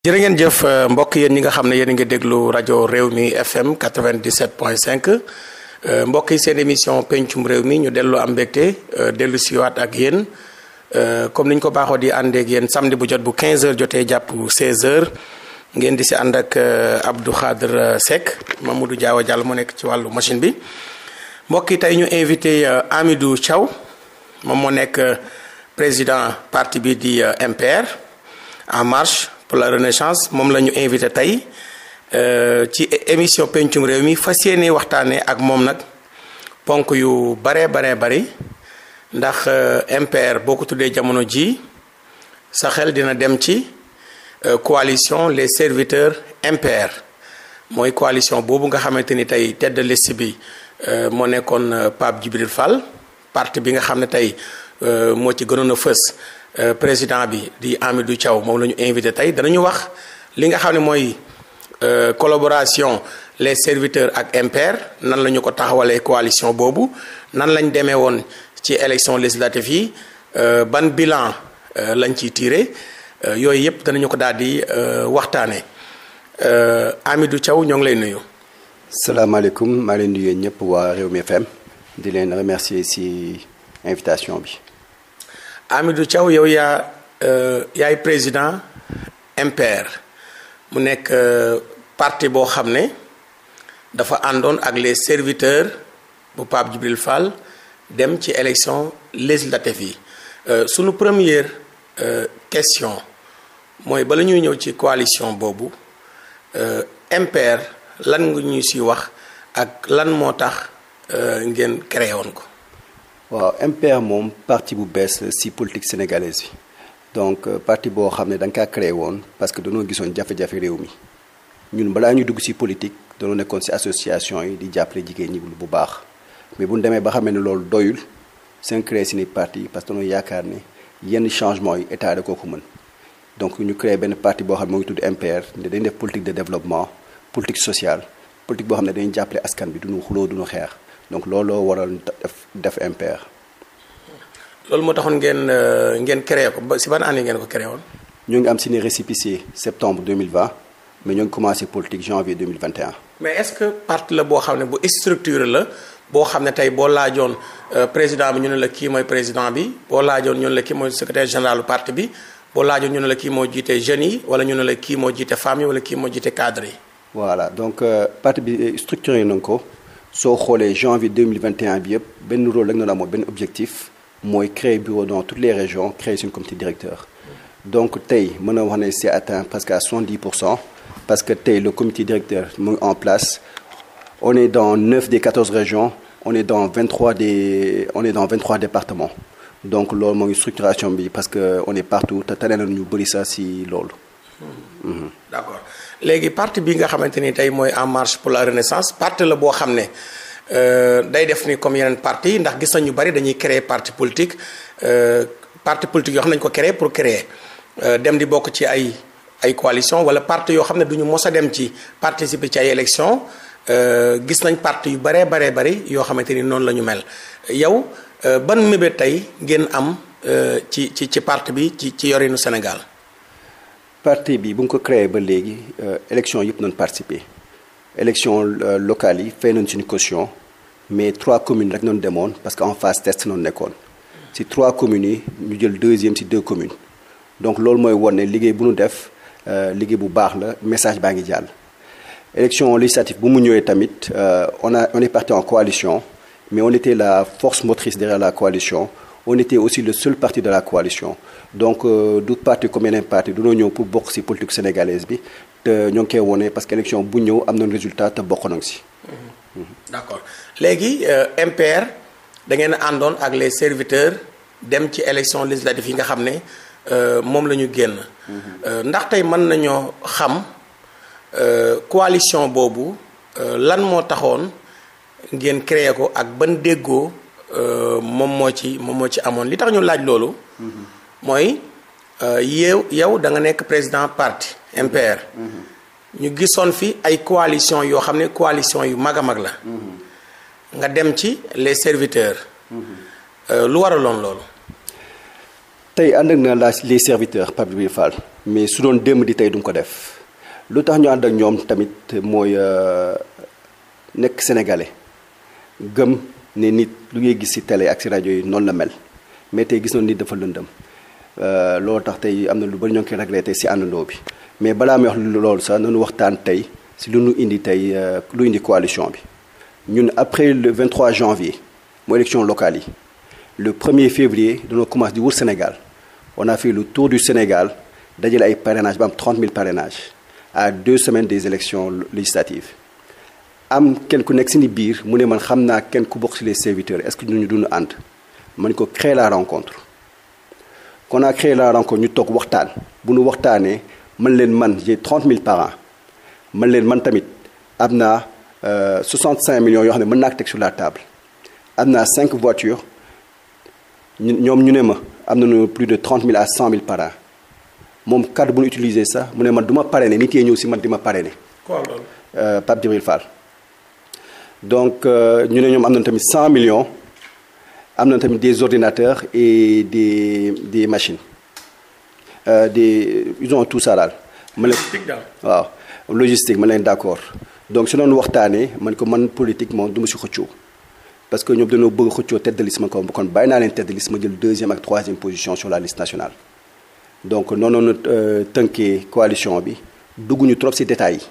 jërë ngeen jëf euh, mbokk yéen ñi nga xam ne yéen a ngi déglu rajo réew mi FM 97.5 euh, mbokk yi seen émission pencum réew mi ñu dellu am mbégte euh, dellu si siwaat ak yéen comme ni ñu ko baaxoo di àndeek yéen samedi bu jot bu 15h jotee jàpp 16h ngeen di si ànd ak Abdou Khadre Seck Mamadou Diawa jàll moo nekk ci wàllu machine bi mbokk yi tey ñu invité Hamidou Thiaw moom moo nekk président partie bi di MPR En Marche. pour la renaissance moom la ñu invité tey euh, ci émission pencum réew mi fas yéene waxtaanee ak moom nag ponk yu baree baree bari ndax euh, MPR boo ko tuddee jamono ji sa xel dina dem ci euh, coalition les serviteurs MPR mooy coalition boobu nga xamante ni tey tête de liste bi moo nekkoon Pape Djibril Fall parti bi nga xam ne tey moo ci gënoon a fës. Euh, président bi di Amidou caw moom la ñu invité tey danañu wax li nga xam ne mooy euh, collaboration les serviteurs ak MPR nan la ñu ko taxawalee coalition boobu nan lañ demee woon ci élection législative yi euh, ban bilan lañ ciy tiire yooyu yëpp danañu ko daal di waxtaanee Amidou Thiaw ñoo ngi lay nuyu. salaamaaleykum maa leen nuyu ñëpp waa mi FM di leen remercier ci invitation bi. Amidou caw yow yaa euh, yaay président MPR mu nekk euh, parti boo xam ne dafa àndoon ak les serviteurs bu Pape Djibril Fall dem ci élection législative yi euh, sunu première question mooy bala ñuy ñëw ci coalition boobu MPR lan nga ñu si wax ak lan moo tax ngeen créé woon ko. waaw MPR moom parti bu bees ci politique sénégalaise bi donc euh, parti boo xam ne da kaa créé woon parce que dañoo gisoon jafe-jafe réew mi ñun balaa ñu dugg ci politique danoo nekkoon ci association yi di jàppale jigéen ñi bu baax mais bu ñu demee ba xamee ne loolu doyul seen créé ci ni parti parce que dañoo yaakaar ne yenn changement yi état da koo ko mën donc ñu créé benn parti boo xam ne moo ngi tudd MPR ne dañ def politique de développement politique boo xam ne dañuy jàppale askan bi duñu xuloo duñu xeex donc looloo waral def def MPR. loolu moo taxoon ngeen euh, ngeen créé ko ba si ban année ngeen ko créé woon. ñoo ngi am suñu récépissé septembre 2020 mais ñoo ngi commencé politique janvier 2021. mais est-ce que la boo xam ne bu structure la boo xam ne tey boo laajoon euh, président bi ñu ne la kii mooy président bi boo laajoon ñu ne la kii mooy secrétaire général part bi boo laajoon ñu ne la kii moo jiite jeunes yi wala ñu ne la kii moo jiite femmes yi wala kii moo jiite cadres voilà donc euh, parti bi structuré nañ ko. soo xoolee janvier 2021 bi yëpp benn rôle rek na la amoon benn objectif mooy créer bureau dans toutes les régions créer suñu comité directeur donc tey mën na wax ne c'est atteint presque à 70 pour cent parce que tey le comité directeur mooy en place on est dans 9 des 14 régions on est dans 23 des on est dans 23 départements donc loolu moo ngi structuration bi parce que on est partout te tane na ñu bëri sax ci loolu. léegi parti bi nga xamante ni tey mooy en marche pour la renaissance parti la boo xam ne euh, day def ni comme yeneen parti ndax gis nañu bari dañuy créer parti politique euh, parti politique yoo xam ko créer pour créer euh, dem di bokk ci ay ay coalition wala parti yoo xam ne du ñu mos a dem ci participer ci ay élection gis nañ parti yu baree baree bari yoo xamante ni noonu la ñu mel yow ban mébét tey ngeen am ci ci ci parti bi ci ci yorinu Sénégal parti bi bu ñu ko créé ba léegi euh, élection yëpp nañ participer élection euh, locale yi fay nañ suñu caution mais trois communes rek noonu demoon parce que en phase test noonu nekkoon si trois communes yi ñu jël deuxième si deux communes donc loolu mooy ne liggéey bu nu def euh, liggéey bu baax la message baa ngi jàll. élection législative bu mu ñëwee tamit on a on est parti en coalition mais on était la force motrice derrière la coalition. on aussi le seul parti de la coalition donc euh, du parti comme partie du noo ñëw pour bokk si politique sénégalaise bi te ñoo ngi koy wone parce que élection bu ñëw am na résultat te bokk nañ ci. Mhm. d'accord léegi euh, MPR da ngeen a àndoon ak les serviteurs dem ci élection législative yi nga xam ne euh, moom la ñu génn. Mhm. ndax tey mën nañoo xam coalition boobu lan moo taxoon ngeen créer ko ak ban déggoo. Euh, moom moo ci moom moo ci amoon li tax ñu laaj loolu. mooy euh, yow yow da nga nekk président parti MPR. ñu gisoon fi ay coalition yoo xam ne coalition yu mag a mag la. nga dem ci les serviteurs. Euh, lu waraloon loolu. tey ànd ak naa laa les serviteur Pape Djibril Fall mais su doon démb di tey du ko def lu tax ñu ànd ñoom tamit mooy nekk sénégalais gëm. ne nit lu ngay gis ci tele ak ci rajo yi noonu la mel mais tey gis noonu nit dafa lëndëm euh, loolu tax tey am na lu bari ñoo ngi koy regretté ci àndandoo bi mais balaa may wax loolu sax nañu waxtaan tey si lu ñu indi tey euh, lu indi coalition bi ñun après le 23 janvier mu élection locale yi le premier er du dañoo commencé di wër Sénégal on a fait le tour du Sénégal dajale ay parrainage ba am 30 000 parrainages à deux semaines des élections législatives am kenn ku nekk si ni biir mu ne man xam naa kenn ku bokk si les serviteurs est-ce que ñu duñu ànd man ko créer la rencontre kon a créé la rencontre ñu toog waxtaan bu ñu waxtaanee man leen man j'ai trente mille par man leen man tamit am naa euh, soixante cinq millions yoo xam ne mën naa ko teg sur la table am naa cinq voitures ñu ñoom ñu ne ma am na nañu plus de trente mille à cent mille par moom cadre bu ñu utiliser sax mu ne man duma paree ne nit yee ñëw si man di ma parrainé. quoi loolu. Euh, Pape Djibril Fall. donc euh, ñu ne ñoom am na tamit 100 millions am na tamit des ordinateurs et des des machines euh, des ils ont tout ça daal. ma leen waaw logistique ma leen d' accord donc su doon waxtaanee man ko man politique moom du si xëccoo parce que ñoom dañoo bëgg xëccoo tête de liste ma ko kon bàyyi naa leen tête de ma jël deuxième ak troisième position sur la liste nationale donc noonu la euh, tënkee coalition bi dugguñu trop si détails yi.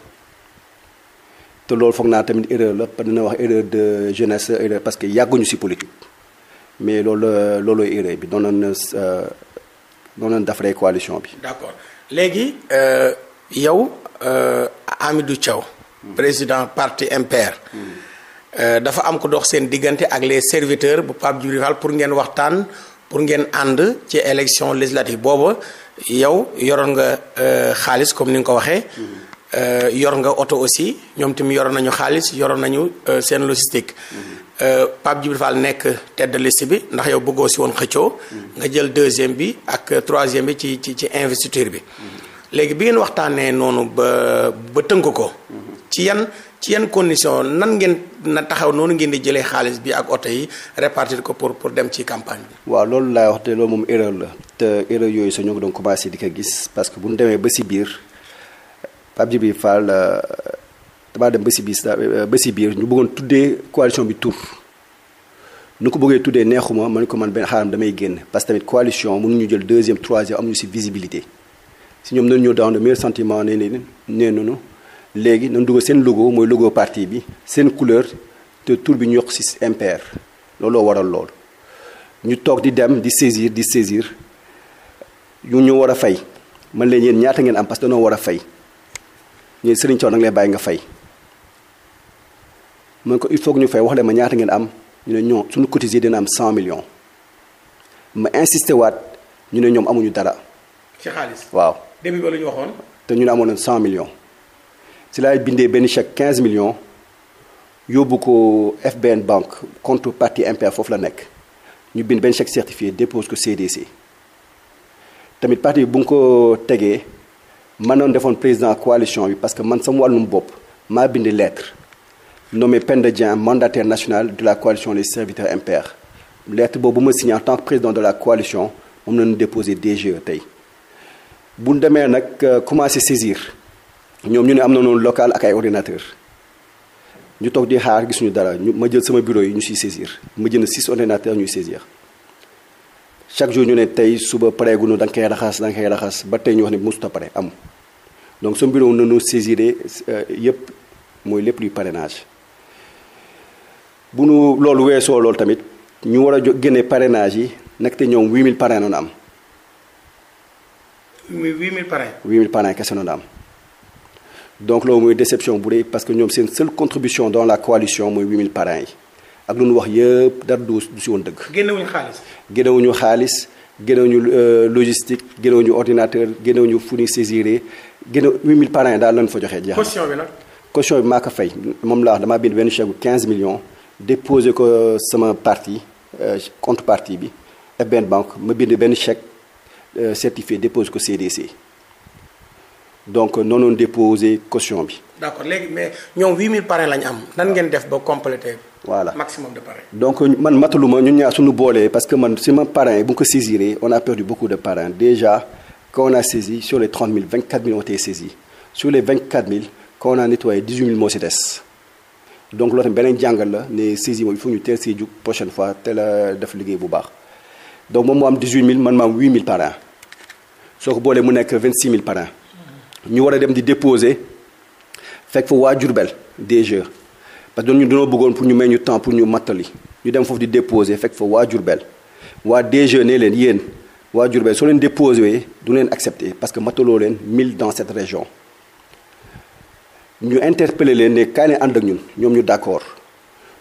te loolu foog naa tamit erreur la parce dina wax erreur de jeunesse erreur parce que yàgguñu ci politique mais loolu loolooy erreur bi doon nañ euh, doon nañ defaree coalition bi. d'accord léegi euh, yow euh, Hamidou Thiaw. Hmm. président parti MPR. Mm. Euh, dafa am ko dox seen diggante ak les serviteurs bu Pape Djibril pour ngeen waxtaan pour ngeen ànd ci élection législative boobu yow yoroon nga euh, xaalis comme ni nga ko waxee. Hmm. Euh, yor nga oto aussi ñoom tamit yoroon nañu xaalis yoroon nañu euh, seen logistique euh, Pape Djibril Fall nekk tête de bi ndax yow bëggoo si woon xëccoo nga jël deuxième bi ak troisième bi ci ci ci investiture bi léegi bi ngeen waxtaanee noonu ba ba tënk ko ci yan ci yan condition nan ngeen na taxaw noonu ngeen di jëlee xaalis bi ak oto yi répartir ko pour pour dem ci campagne bi waaw loolu laay wax loolu moom erreur la te erreur yooyu sa ñoo ngi doon commencé di ko gis parce que bu demee ba si biir Pape bi Fall euh, damaa dem ba si bis euh, ba si biir ñu bëggoon tuddee coalition bi tur nu ko bëggee tuddee neexuma man ko man benn xaaram damay génn parce que tamit coalition ñu jël deuxième troisième amuñu si visibilité si ñoom nañu ñëw dans le meilleur sentiment ne ne nee noonu léegi nañ dugal seen logo mooy logo parti bi seen couleur te tur bi ñu yokk si impaire looloo waral lool ñu toog di dem di saisir di saisir ñu ñu war a fay man leen yéen ñaata ngeen am parce que dañoo war a fay ñooy sëriñ Thiaw nag lay bàyyi nga fay man ko il foog ñu fay wax leen ma ñaata ngeen am ñu ne ñoo suñu cotisé dina am 100 millions ma insisté waat ñu ne ñoom amuñu dara. waaw. début ba waxoon. te ñu ne amoon cent 100 millions si laay bindee benn chèque quinze million yóbbu ko FBN banque compte parti MPR foofu la nekk ñu bind benn chèque certifié dépose ko CDC tamit parti bu nga ko tegee. ma noon defoon président coalition bi parce que man sama wàllum bopp maa bindi lettre nommé Penda Dieng mandataire national de la coalition des serviteurs impairs lettre boobu ma signé en tant que président de la coalition moom na lañu déposé DGE tey bu ñu demee nag euh, commencé saisir ñoom ñu ne am na noonu locale ak ay ordinateur ñu toog di xaar gisuñu dara ñu ma jël sama bureau yi ñu siy saisir ma jënd six ordinateurs ñuy saisir chaque jour ñu ne tey suba pareegunu da nga koy raxas da nga koy raxas ba tey ñu wax ne mosut a pare am donc sa mbiroom nanu saisir euh, yëpp mooy lépp luy parrainage bu nu loolu weesoo loolu tamit ñu war a génne parrainage yi nag te ñoom 8000 parrains noonu am. muy 8000 parrains. 8000 parrains kese noonu am donc loolu mooy déception bu rëy parce que ñoom seen seule contribution dans la coalition mooy 8000 parrains yi. ak lu nu wax yëpp dara du si woon dëgg. génnewuñu xaalis. génnewuñu xaalis génnewuñu euh, logistique génnewuñu ordinateur génnewuñu fu ñuy saisiré génnew 8000 daal lañ fa joxee jeex caution bi nag. caution bi maa ko fay moom laa wax damaa bind benn chèque quinze 15 millions déposé ko sama parti euh, compte parti bi ak banque ma bind benn chèque euh, certifié déposé ko CDC. donc euh, noonu déposé caution bi. d' accord mais ñoom 8000 parrain la ñu am nan ngeen def ba complété. voilà maximum de parrain. donc euh, man mataluma ñun ñaar suñu boolee parce que man si ma parrain bu ñu ko saisiree on a perdu beaucoup de parrain déjà qu'on a saisi sur les 30 000 24 000 ont été a nettoyé moo si des donc loolu tamit beneen jàngal la ne saisi moom il faut ñu teel si jug prochaine fois teel a def liggéey bu baax donc moom moo am 18 000 man ma am 8 000 parrain soo ko boolee mu nekk 26 000 parrain. ñu war a dem di déposé fekk fa waa Jurbel DG e. parce que ñu dañoo bëggoon pour ñu may ñu temps pour ñu mattali ñu dem foofu di déposé fekk fa waa Jurbel waa DG e ne leen yéen waa Jurbel soo leen déposé du leen accepté parce que mattaloo leen mille dans cette région ñu interpellé leen ne kaay leen ànd ak ñun ñoom ñu d'accord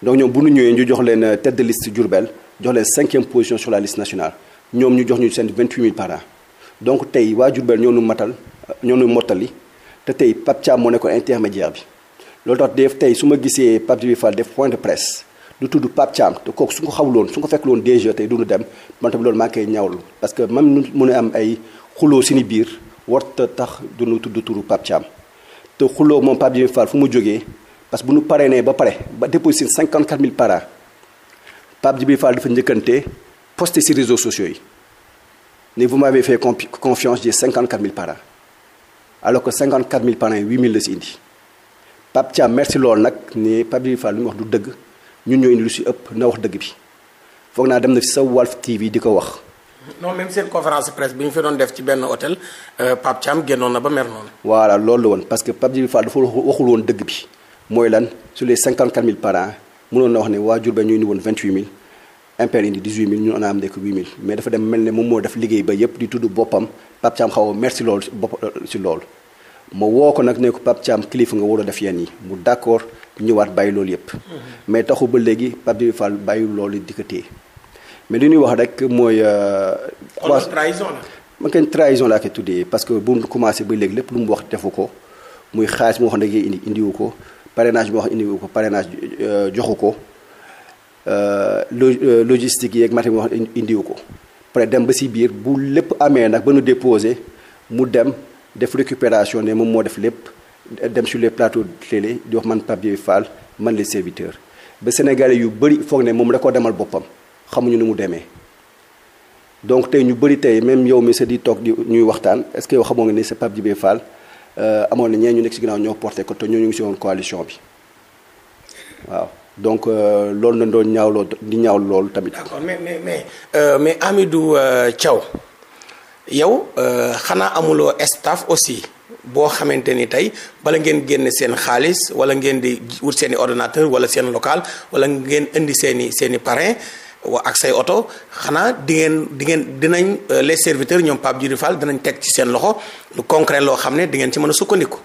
donc ñoom bu ñu ñëwee ñu jox leen euh, tête de liste Diourbel jox leen cinquième position sur la liste nationale ñoom ñu jox ñu seen 28000 par an donc tey waa Diourbel ñoo matal ñoo ñuy mottali te tey Pape Thiam moo nekkoon intermédiaire bi loolu tax def tey su ma gisee Pape Djibril Fall def point de presse du tudd Pape Thiam te kooku su ko xawloon su ko fekk loon DG tey duñu dem man tamit loolu maa ngi koy ñaawlu parce que man mu mun am ay xuloo sini biir warta tax duñu tudd turu Pape Thiam te xuloo moom Pape Djibril Fall fu ma jógee parce que bu paree nee ba pare ba déposé 54 mille par an Pape Djibril dafa njëkkante poste si réseaux yi ne vous m'avez fait confiance j'ai 54 000 par alors que 54 000 parrains yi 8 000 la si indi Pape Thiam merci loolu nag ni Pape Djibril Fall li mu wax du dëgg ñun ñoo indi lu si ëpp na wax dëgg bi foog naa dem na fi sa Walf TV di ko wax. non même seen conférence presse bi ñu fi doon def ci benn hôtel euh, Pape Thiam génnoon na ba mer noonu. voilà loolu la woon parce que Pape Djibril Fall dafa waxul woon dëgg bi mooy lan sur les 54 000 parrains mënoon na wax ne waa ba ñu indi woon 28 000. impère indi 18000 ñun on a am nekk 8000 mais dafa dem mel ne moom moo def liggéey ba yëpp di tudd boppam Pape Thiam xaw a merci loolu bopp euh, si lool ma woo ko nag ne ko Pape Thiam kilifa nga war def yenn yi mu d' accord ñëwaat bàyyi loolu yëpp mm-hmm. mais taxu ba léegi Pape Djibril Fall bàyyiwul loolu di ko téye mais ñuy wax rek mooy euh, trois trahison la man kenn trahison laa koy tuddee parce que bu mu commencé ba léegi lépp lu mu wax defu ko muy xaalis moo xam ne indi indiwu ko parrainage moo xam indiwu ko parrainage euh, joxu ko Euh, euh, logistique yeeg matériel wax indiwu ko pare dem ba si biir bu lépp amee nag ba nu déposé mu dem def récupération ne moom moo def lépp dem sur les plateaux télé di wax man Pape Djibril Fall man les serviteurs ba Sénégalais yu bëri foog ne moom da ko demal boppam xamuñu nu mu demee donc tey ñu bëri tey même yow mi sa di toog di ñuy waxtaan est ce que yow xamoo nga ni sa Pape Djibril faal euh, amoon na ñee ñu nekk si ginnaaw ñoo porté ko te ñoo ñu ngi si woon coalition bi donc euh, loolu na doon ñaawloo di ñaaw loolu tamit. d'accord mais mais mais euh, mais Hamidou euh, Thiaw yow euh, xanaa amuloo staff aussi boo xamante ni tey bala ngeen génne seen xaalis wala ngeen di wut seeni i ordinateur wala seen local wala ngeen indi seen i seen i parrain wa ak say oto xanaa di ngeen di ngeen dinañ les serviteurs ñoom Pape Djibril Fall dinañ teg ci seen loxo lu concret loo xam ne di ngeen ci mën a sukkandiku.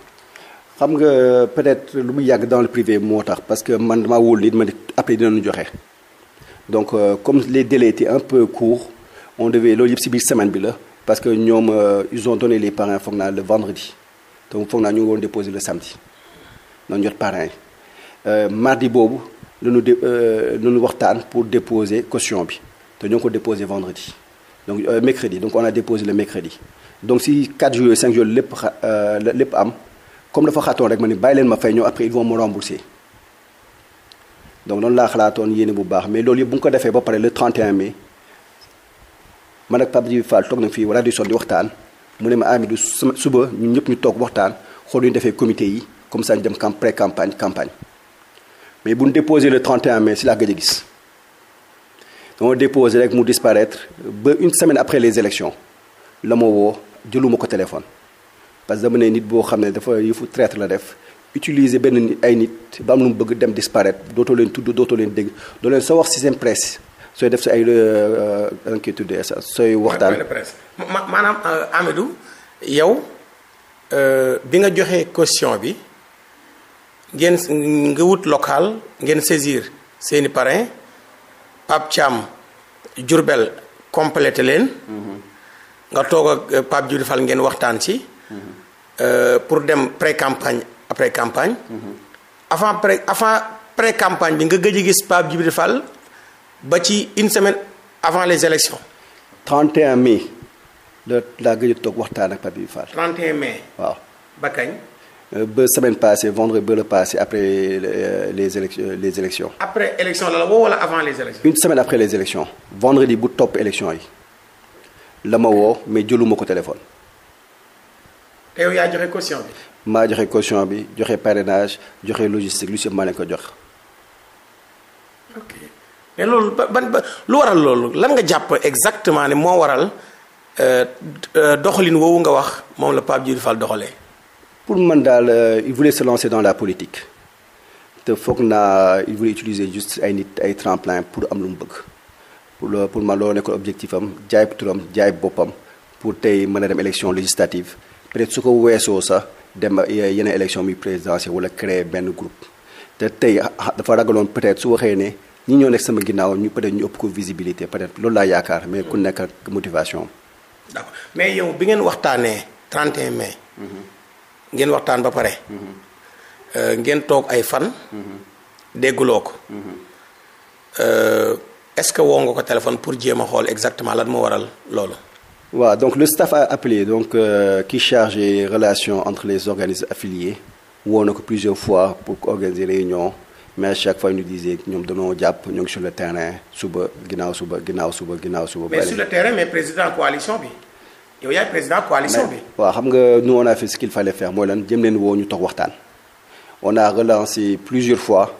xam nga peut-être lu mu yàgg dans le privé moo tax parce que man damaa wóolu nit ma ne après dinañu joxe donc euh, comme les délais étaient un peu courts on devait loolu yëpp si biir semaine bi la parce que ñoom euh, ils on donné les parrains foog naa le vendredi donc foog naa ñu woon déposer le samedi noonu jot parrains yi euh, boobu lu ñu dé waxtaan pour déposer caution bi te ñoo ngi ko déposer vendredi donc mercredi donc on a déposé le mercredi donc si 4 jours 5 jours lépp xa lépp am. comme dafa xatoon rek ma ni bàyyi leen ma fay ñëw après ils vont me rembourser donc noonu laa xalaatoon yéene bu baax mais loolu yëpp bu ñu ko defee ba pare le 31 mai man ak Pape toog na fii rajo Sol di waxtaan mu ne ma Amidou suba ñun ñëpp ñu toog waxtaan xool ñu defee comité yi comme ça ñu dem camp pré campagne mais bu ñu déposé le 31 mai si laa gëj a gis dama déposé rek mu disparaître ba une semaine après les élections la ma woo jëluma ko téléphone. parce que dama ne nit boo xam ne dafa fu traître la def utiliser benn nit ay nit ba am lu mu bëgg dem disparaître dootoo leen tudd dootoo leen dégg doo leen sa wax ci seen presse sooy def si ay enquête euh, euh, tuddee sa sooy waxtaan maanaam euh, Amadou yow bi nga joxee caution bi ngeen nga wut local ngeen saisir seeni parrain Pape Thiam Diourbel complété leen mhm. nga toog ak Pape Djibril ngeen waxtaan ci Euh, pour dem pré campagne après campagne. avant pré avant pré campagne bi nga gëj a gis Pape Djibril Fall ba ci une semaine avant les élections 31 mai. la laa gëj a toog waxtaan ak Pape Djibril Fall. 31 mai. waaw ba kañ. Euh, ba semaine passée vendredi ba la passé après euh, les élections les élections. après élection la la woo wala avant les élections. une semaine après les élections vendredi bu topp élection yi la ma woo mais jëluma ko téléphone. te yow yaa joxe caution bi. maa joxe caution bi joxe parrainage joxe logistique lu si maa leen ko jox. ok mais loolu ban ba lu waral loolu lan nga jàpp exactement ne moo waral euh, euh, doxalin woowu nga wax moom la Pape Djibril Fall doxalee. pour man daal euh, il voulait se lancer dans la politique te foog naa il voulait utiliser juste ay nit ay tremplin pour am lu mu bëgg pour pour man loolu nekkoon objectif am jaay turam jaay boppam pour tey mën a dem élection législative. peut su ko weesoo sax dem yenn élection bi présidentielle wala créer benn groupe te tey dafa ragaloon peut-être su waxee ne ñi ñoo nekk sama ginnaaw ñu peut-être ñu ëpp ko visibilité peut-être loolu laa yaakaar mais ku nekk ak motivation mais yow bi ngeen waxtaanee 31 mais mm-hmm. ngeen waxtaan ba pare. Mm-hmm. Euh, ngeen toog ay fan. Mm-hmm. dégguloo ko. Euh, est-ce que woo nga ko téléphone pour jéem a xool exactement lan moo waral loolu. Voilà, donc le staff a appelé, donc, euh, qui charge les entre les organismes affiliés. Où on a plusieurs fois pour organiser des réunions, mais à chaque fois, ils nous ñoom danoo jàpp ñoo ngi sur le terrain suba ginnaaw suba ginnaaw suba ginnaaw suba. mais sur xam nga nous on a fait ce qu'il fallait faire woo ñu toog waxtaan. on a relancé plusieurs fois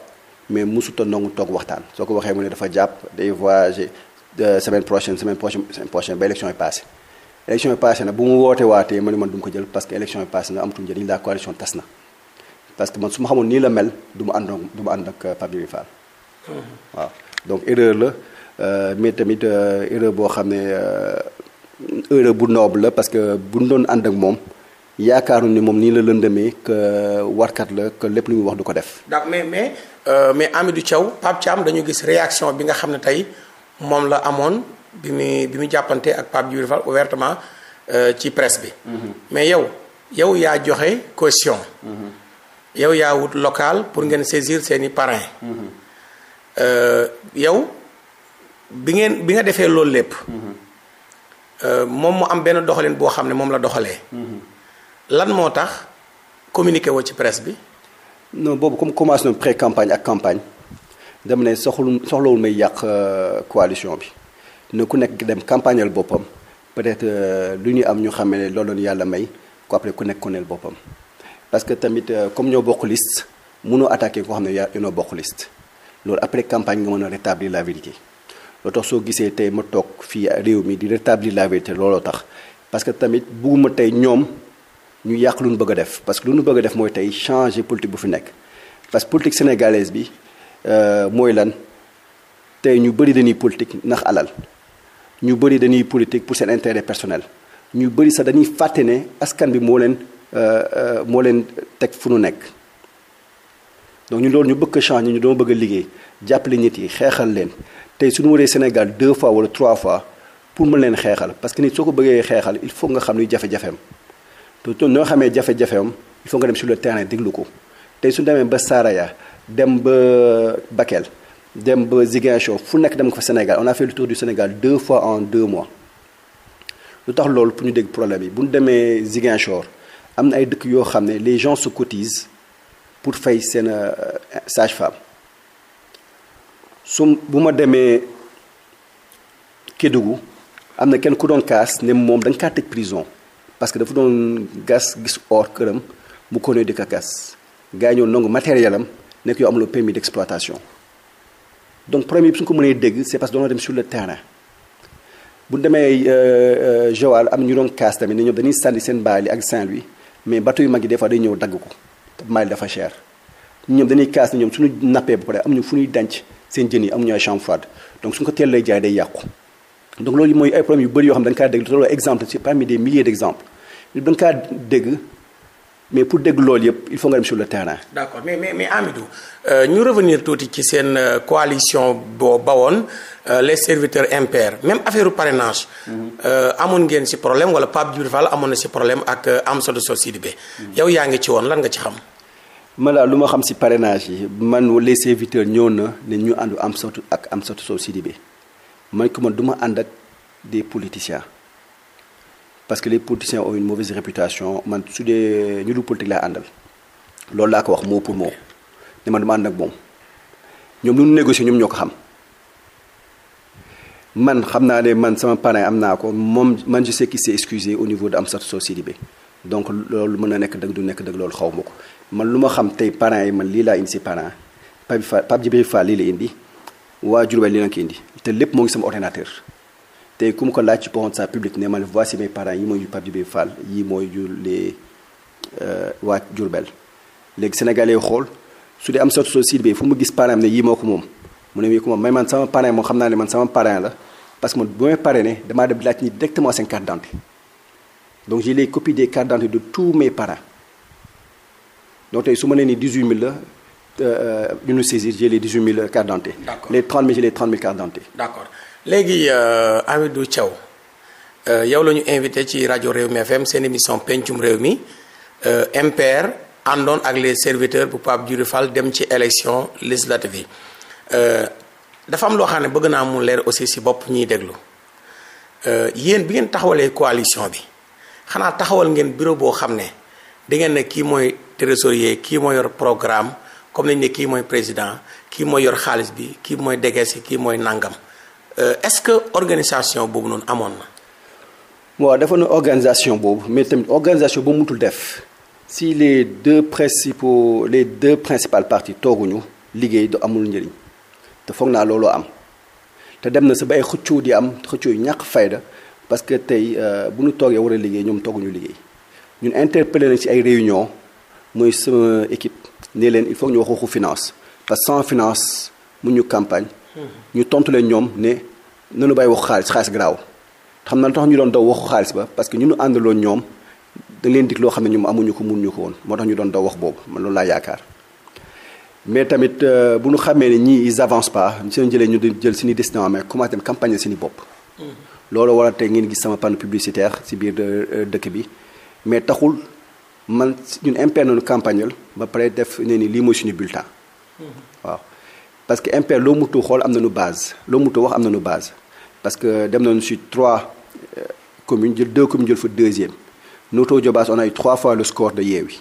mais mosut a nangu toog waxtaan soo ko waxee mu ne dafa jàpp day voyager euh, semaine prochaine semaine prochaine semaine prochaine ba élection yi passé élection yi passé na bu mu woote waatee ma ne man du ma ko jël parce que élection yi passé na amatul njëriñ la coalition na parce que man su ma xamoon nii la mel du ma àndoon du ma ànd ak euh, Pape mm-hmm. waaw donc erreur la euh, mais tamit euh, erreur boo xam ne erreur bu noble la parce que bu doon ànd ak moom yaakaaru ni moom nii la lëndëmee que warkat la lépp lu wax du ko def. ndax mais mais mais Hamidou Thiaw gis réaction bi nga xam ne tey moom la amoon. bi muy bi mu jàppante ak Pape Djibril Fall ouvertement euh, ci presse bi. Mm-hmm. mais yow yow yaa joxe caution. Mm-hmm. yow yaa wut local pour ngeen saisir seeni parrains. Mm-hmm. Euh, yow bi ngeen bi nga defee loolu lépp. Euh, moom mu am benn doxalin boo xam ne moom la doxalee. lan moo tax communiqué woo ci presse bi. non boobu comme commencé na pré campagne ak campagne dama ne soxlu soxlawul may yàq coalition bi. ne ku nekk dem campagnal boppam peut-être euh, lu ñu am ñu xam ne loolu yàlla may ko après ku nekk koneel boppam parce que tamit euh, comme ñoo bokk liste mënoo attaqué ko xam ne yaa ñoo bokk liste loolu après campagne nga mën a rétablir la vérité loo tax soo gisee tey ma toog fii réew mi di rétablir la vérité looloo tax parce que tamit bugguma tey ñoom ñu yàq lu ñu bëgg def parce que lu ñu bëgg def mooy tey changer politique bu fi nekk parce que politique sénégalaise bi euh, mooy lan tey ñu bëri dañuy politique ndax alal ñu bëri dañuy politique pour seen intérêt personnel ñu bëri sax dañuy fàtte ne askan bi moo leen euh, euh, moo leen teg fu nu nekk donc ñu loolu ñu bëgg a changer ñu doon bëgg a liggéey jàppale nit yi xeexal leen tey suñu waree Sénégal deux fois wala trois fois pour mën leen xeexal parce que nit soo ko bëggee xeexal il faut nga xam luy jafe-jafeem te noo xamee jafe-jafeem il faut nga dem sur le terrain déglu ko tey suñu demee ba Saraya dem ba Bakel dem ba Ziguinchor fu nekk dem ko fa Sénégal on a fait le tour du Sénégal deux fois en deux mois lu tax loolu pour ñu dégg problème yi bu ñu demee Ziguinchor am na ay dëkk yoo xam ne les gens se cotisent pour fay seen euh, sage-femme su bu ma demee Kédougou am na kenn ku doon kaas ne moom da nga kaa tëj prison parce que dafa doon gas gis or këram mu ko ne di ka gas gars yi ñoo nangu matériel nekk yoo amuloo permis d'exploitation. donc problème yëpp su ñu ko mënee dégg c'est parce que doonoo dem sur le terrain bu demee euh, euh, Joal am ñu doon kaas tamit ne ñoom dañuy sànni seen baali ak Saint-Louis mais bateau yu mag yi des fois day ñëw dagg ko te maali dafa chair ñoom dañuy kaas ne ñoom suñu nappee ba am ñu fu ñuy denc seen jën yi amuñu ay chambre froide donc suñu ko teel lay jaay day yàqu donc loolu mooy ay problèmes yu bëri yoo xam dañu kaa dégg loolu exemple ci parmi des milliers da nga kaa dégg mais pour dégg loolu yëpp il faut nga dem sur le terrain. d' accord mais mais mais Amidou euh, ñu euh, revenir tuuti ci seen euh, coalition boo bawoon euh, les serviteurs impairs même affaire parrainage. Mhm. Euh, amoon ngeen si problème wala Pape Djibril Fall amoon na si problème ak Amsatou Sow Sidibé. Mhm. yow yaa ngi ci woon lan nga ci xam. man daal lu ma xam si parrainage yi man les serviteurs ñëw na ne ñu ànd Amsatou ak Amsatou Sow Sidibé man ko man du ma ànd ak des politiciens. parce que les politiciens ont une mauvaise réputation man su dee ñu du politique laa àndal loolu laa ko wax mot pour moom ne man dama ànd ak moom ñoom lu ñu négocier ñoom ñoo ko xam man xam naa ne man sama parrain am naa ko moom man si sais qu'il s'est au niveau de Amsatou Sow Sidibé donc loolu mën na nekk dëgg du nekk dëgg loolu xaw ma ko man lu ma xam tey parrain yi man lii laa indi si parrain Pape faa Fall lii la indi waa Diourbel lii la ko indi te lépp moo sama ordinateur te ku mu ko laaj ci parent sa public ne ma ne mes parents yi mooy yu Pape Djibril Fall yi mooy léegi euh, sénégalais xool su dee am sa société bi fu mu gis parent am yii moo ko moom mu ne mii ko moom may man sama parent moom xam naa ne man sama parent la parce que man bu may parrainé damaa dem laaj ni directement seen carte d'identité donc j'ai les copies des cartes de tous mes parents donc tey su ma nee nii 18000 la. Euh, euh, ñu nu saisir j'ai les 18000 cartes léegi euh, du Thiaw euh, yow lañu invité ci rajo Rewmi FM seen émission pencum réew mi euh, MPR àndoon ak les serviteurs bu Pape Djibril Fall dem ci élection législative yi dafa am loo xam ne bëgg naa mu leer aussi si bopp ñuy déglu yéen bi ngeen taxawalee coalition bi xanaa taxawal ngeen bureau boo xam ne di ngeen ne kii mooy trésorier kii mooy yor programme comme nañ ne kii mooy président kii mooy yor xaalis bi kii mooy dégees si kii mooy nangam. Euh, est-ce que organisation boobu noonu amoon na. waaw dafa ne organisation boobu mais tamit organisation boobu mutul def si les deux principaux les deux principales parties tooguñu liggéey du amul njëriñ te foog naa looloo am te dem na sa bay xëccoo di am xëccoo yu ñàkk fayda parce que tey euh, bu ñu toogee war a liggéey ñoom tooguñu liggéey ñun interpellé nañ ci ay réunion mooy sama équipe. ne leen il faut ñu wax waxu finance parce que sans finance mu ñu campagne. ñu tontu leen ñoom ne nanu bàyyi waxu xaalis xaalis garaaw xam na tax ñu doon daw waxu xaalis ba parce que ñu nu àndaloon ñoom dañ leen dig loo xam ne ñoom amuñu ko mun ñu ko moo tax ñu doon daw wax boobu man loolu laa yaakaar mais tamit euh, bu ñu xamee ne ñii ils avancent pas seen jëlee ñu jël suñu destin mais commencé dem campagne suñu bopp loolu war a tey ngeen gis sama panne publicitaire si biir euh, euh, dëkk bi mais taxul man ñun imperne nañu campagne ba pare def ne lii mooy suñu bulletin parce que MPR loo mutu xool am nañu base loo mutu wax am nañu base parce que dem nañu si trois euh, communes jël deux communes jël fa deuxième Notto Diobass on a eu trois fois le score de Yewwi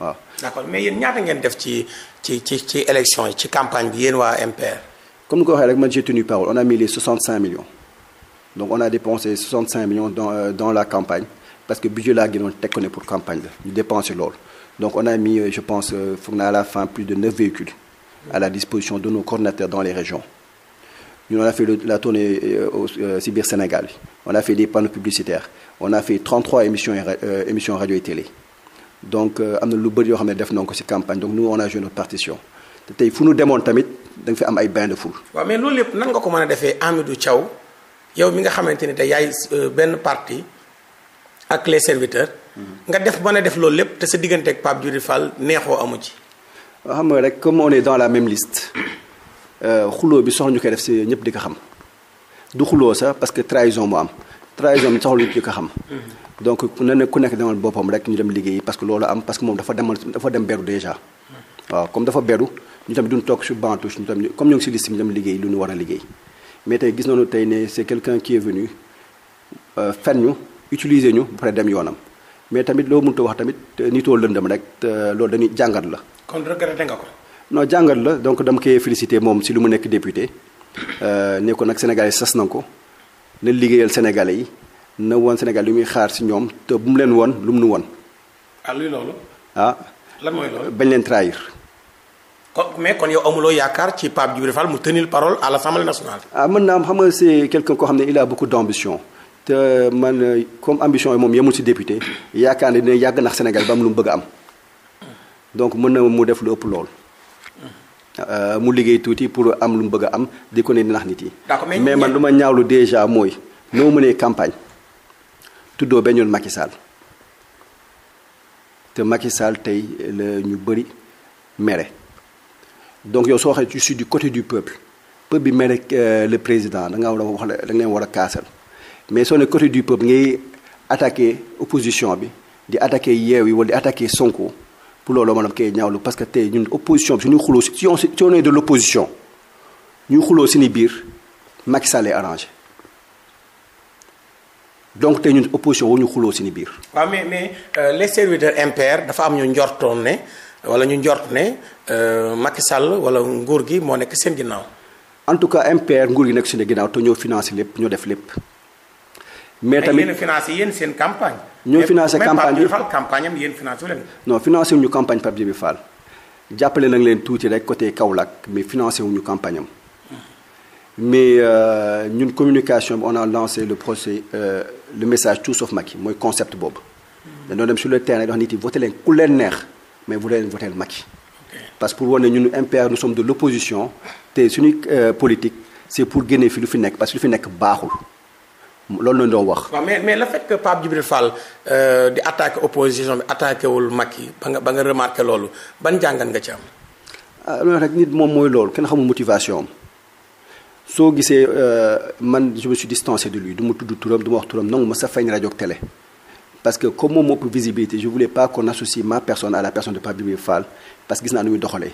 waa d'accord mais yéen ñaata ngeen def ci ci ci ci élection yi ci campagne bi yéen waa MPR. comme ni ko waxee rek man j'ai tenu parole on a mis les 65 millions donc on a dépensé 65 millions dans euh, dans la campagne parce que budget laa gënoon teg ko ne pour campagne la ñu on a mis euh, je la fin plus à la disposition de nos coordinateurs dans les régions. Nous, on a la tournée euh, au euh, Cyber Sénégal. On a fait des panneaux publicitaires. On a fait 33 émissions, euh, émissions radio et télé. donc euh, am na lu bëri yoo xam ne def nañ ko ci campagne donc nous on a joué notre partition te tey fu nu demoon tamit danga fi am ay bain de foule. waaw mais loolu lépp nanga ko mën a defee du Thiaw yow mi nga xamante ni te yaay euh, benn parti ak les serviteurs. Mm-hmm. nga def mën a def loolu lépp te sa diggante ak Fall neexoo amu ci. xam nga rek comme on est dans la même liste euh, xuloo bi soxla ñu koy def si ñëpp di ko xam du xuloo sax parce que trahison mu am trahison bi soxla ñu ko xam. donc na ne ku nekk demal boppam rek ñu dem liggéey parce que loolu am parce que moom dafa demal dafa dem beru déjà. waaw comme dafa beru ñu tamit duñ toog si banc touche ñu comme ñu si liste bi ñu dem liggéey lu ñu war a liggéey mais tey gis nañu tey ne c'est quelqu'un qui est venu euh, fen ñu utiliser ñu ba pare dem yoonam. mais tamit loo mënta wax tamit nitoo lëndëm rek loolu dañuy jàngat la. kon regretté nga ko. non jàngat la donc dam koy félicité moom si lu mu nekk député euh, ne ko nag Sénégal yi sas na ko na liggéeyal Sénégalais yi na woon Sénégal li muy xaar si ñoom te bu mu leen woon lu mu woon. ah luy loolu. ah lan mooy loolu. bañ leen trahir. kon mais kon yow amuloo yaakaar ci Pape Djibril Fall mu tenir parole à l'Assemblée nationale. Ah, mën naa am xam nga c'est quelqu'un koo xam ne il a beaucoup d'ambition. te man euh, comme ambition yi moom yemul si député yaakaar ne dina yàgg nax Sénégal ba am lu mu bëgg a am donc mën na mu def lu ëpp lool. Euh, mu liggéey tuuti pour am lu mu bëgg a am di ko ne nax nit yi. mais man lu ma ñaawlu déjà mooy noo mënee campagne tuddoo benn yoon Macky Sall te Macky Sall tey la ñu bëri mere donc yow soo waxee je suis côté du peuple peuple bi mere euh, le président da nga war wax da nga leen war a kaasal. mais soo ne côté du peuple ngay attaqué opposition bi di attaqué yeew yi wala di attaqué Sonko pour loolu maanaam koy ñaawlu parce que tey ñun opposition bi suñuy xuloo si si de l' opposition ñuy xuloo si biir Macky Sall arrangé donc tey ñun opposition wu ñu xuloo si biir. waaw mais mais euh, les serviteurs impairs dafa am ñu njortoon ne wala ñu njort ne euh, Macky Sall wala nguur gi moo nekk seen ginnaaw. en tout cas impair nguur gi nekk suñu ginnaaw te ñoo financé lépp ñoo def lépp. mais tamit yéen financé yéen seen campagne. ñoo financé campagne bi campagne am yéen financé leen. non financé wuñu jàppale nañ leen tuuti rek côté Kaolack mais financé wuñu campagne am mais euh, ñun communication bi on a lancé le procès euh, le message tout sauf Macky mooy concept boobu. dañoo dem sur le terrain wax nit yi voté leen ku leen neex mais bu leen voté Macky. parce que pour wane ñun MPR nous sommes de l' opposition te suñu euh, politique c' est pour génne fi lu fi nekk parce que lu fi nekk baaxul. loolu lañ doon wax. waaw mais mais le fait que Pape Djibril euh, di attaqué opposition bi attaqué wul Macky ba nga ba nga remarqué loolu ban jàngat nga ci am. ah loolu rek nit moom mooy loolu kenn xamul motivation am soo gisee euh, man je me suis distancé de lui du tudd turam du wax turam nangu ma sa feeñ rajo ak télé. parce que comme moom moo pour visibilité je voulais pas qu'on associe ma personne à la personne de Pape Djibril Fall parce que gis naa nu muy doxalee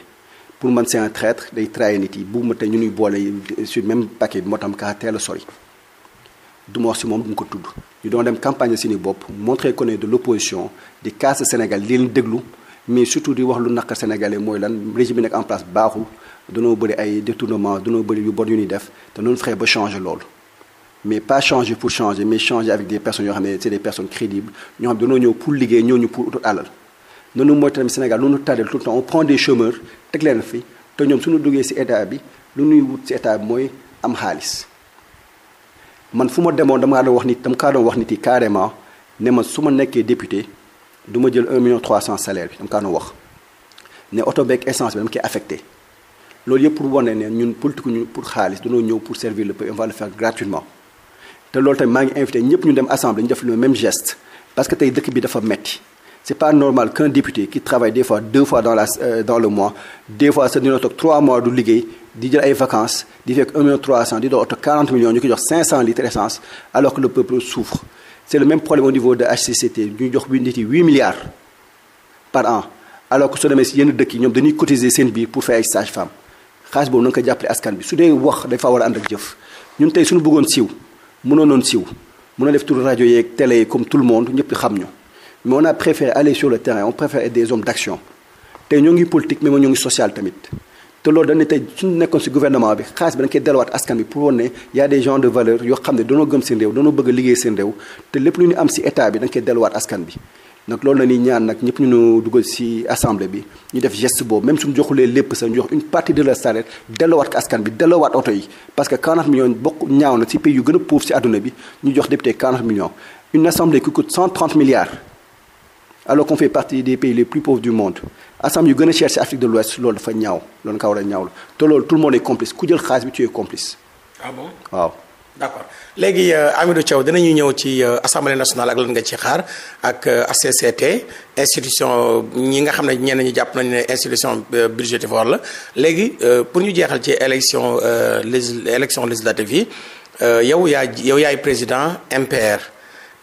pour man c'est un traître day nit yi bu ma tey ñu nuy boole même paquet bi moo tax mu kaa teel du ma wax si moom du ma ko tudd ñu doo dem campagne suñu bopp montré ko ne de l'opposition di casse Sénégal di leen déglu mais surtout di wax lu naqar sénégalais mooy lan régime bi nekk en place baaxul danoo bëri ay détournement danoo bëri yu bon yu ñuy def te noonu fexe ba changer loolu mais pas changer pour changer mais changer avec des personnes yoo xam ne c'est des personnes crédibles ñoo xam ne danoo ñëw pour liggéey ñoo ñu pour utal alal noonu mooy tamit Sénégal lu ñu tardé tout temps on prend des chômeurs teg leen te ñoom suñu duggee si état bi lu ñuy wut si mooy am xaalis man fu ma demoon dama kaa doon wax nit dama kaa doon wax nit yi carrément ne ma su ma nekkee député du ma jël 1 million 300 salaire bi dama kaa doon wax ne oto beeg essence bi dama koy affecté loolu yëpp pour wane ne ñun politique ñu pour xaalis dañoo ñëw pour servir le pays on va le gratuitement te loolu tamit maa ngi invité ñëpp ñu dem assemblée ñu def le même geste parce que tey dëkk bi dafa metti c'est pas normal qu'un député qui travaille euh, mois des fois di jël ay vacances di fekk 1 million 300 di doon oto 40 millions ñu ko jox 500 litres essence alors que le peuple souffre c' est le même problème au niveau de HCCT ñu jox bi nit yi 8 milliards par an alors que soo demee yenn dëkk yi ñoom dañuy cotiser seen biir pour fee ay sage-femme xaalis boobu na ko jàppale askan bi su dee wax dafa war a ànd ak jëf ñun tey suñu bëggoon siiw mënoo noon siiw mën a def tur rajo yeeg télé yi comme tout le ñëpp xam ñu mais on a préféré des hommes d' action tey ñoo ngi politique mais ñoo social tamit te loolu dañ ne tey suñu nekkoon si gouvernement bi xaalis bi dañ koy delluwaat askan bi pour woon ne y a des de valeur yoo xam ne dañoo gëm seen réew dañoo bëgg a liggéey lépp am si état bi dañ koy delluwaat askan bi nag loolu la ñuy ñaan nag ñëpp ñu nu dugal si assemblée bi ñu def geste boobu même suñu joxulee lépp sax ñu jox une partie de leur salaire delluwaat askan bi delluwaat oto yi parce que 40 millions bokk ñaaw na si pays yu gën a pauvre si àdduna bi ñu jox député 40 millions une assemblée qui coûte 130 milliards alors qu'on fait partie des pays les plus pauvres du monde asam yu gën a cher ci Afrique de l'Ouest loolu dafa ñaaw loolu nga ko war a ñaawlu te loolu tout le monde est complice ku jël xaalis bi tu es complice. ah bon waaw. d'accord léegi Hamidou euh, Thiaw dinañu ñëw ci euh, assemblée nationale ak lan nga ci xaar ak HCCT euh, institution ñi nga xam ne ñenn ñu jàpp nañu ne institution budgétivore la léegi pour ñu jeexal ci élection légis élection législative yi yow yaay yow yaay président MPR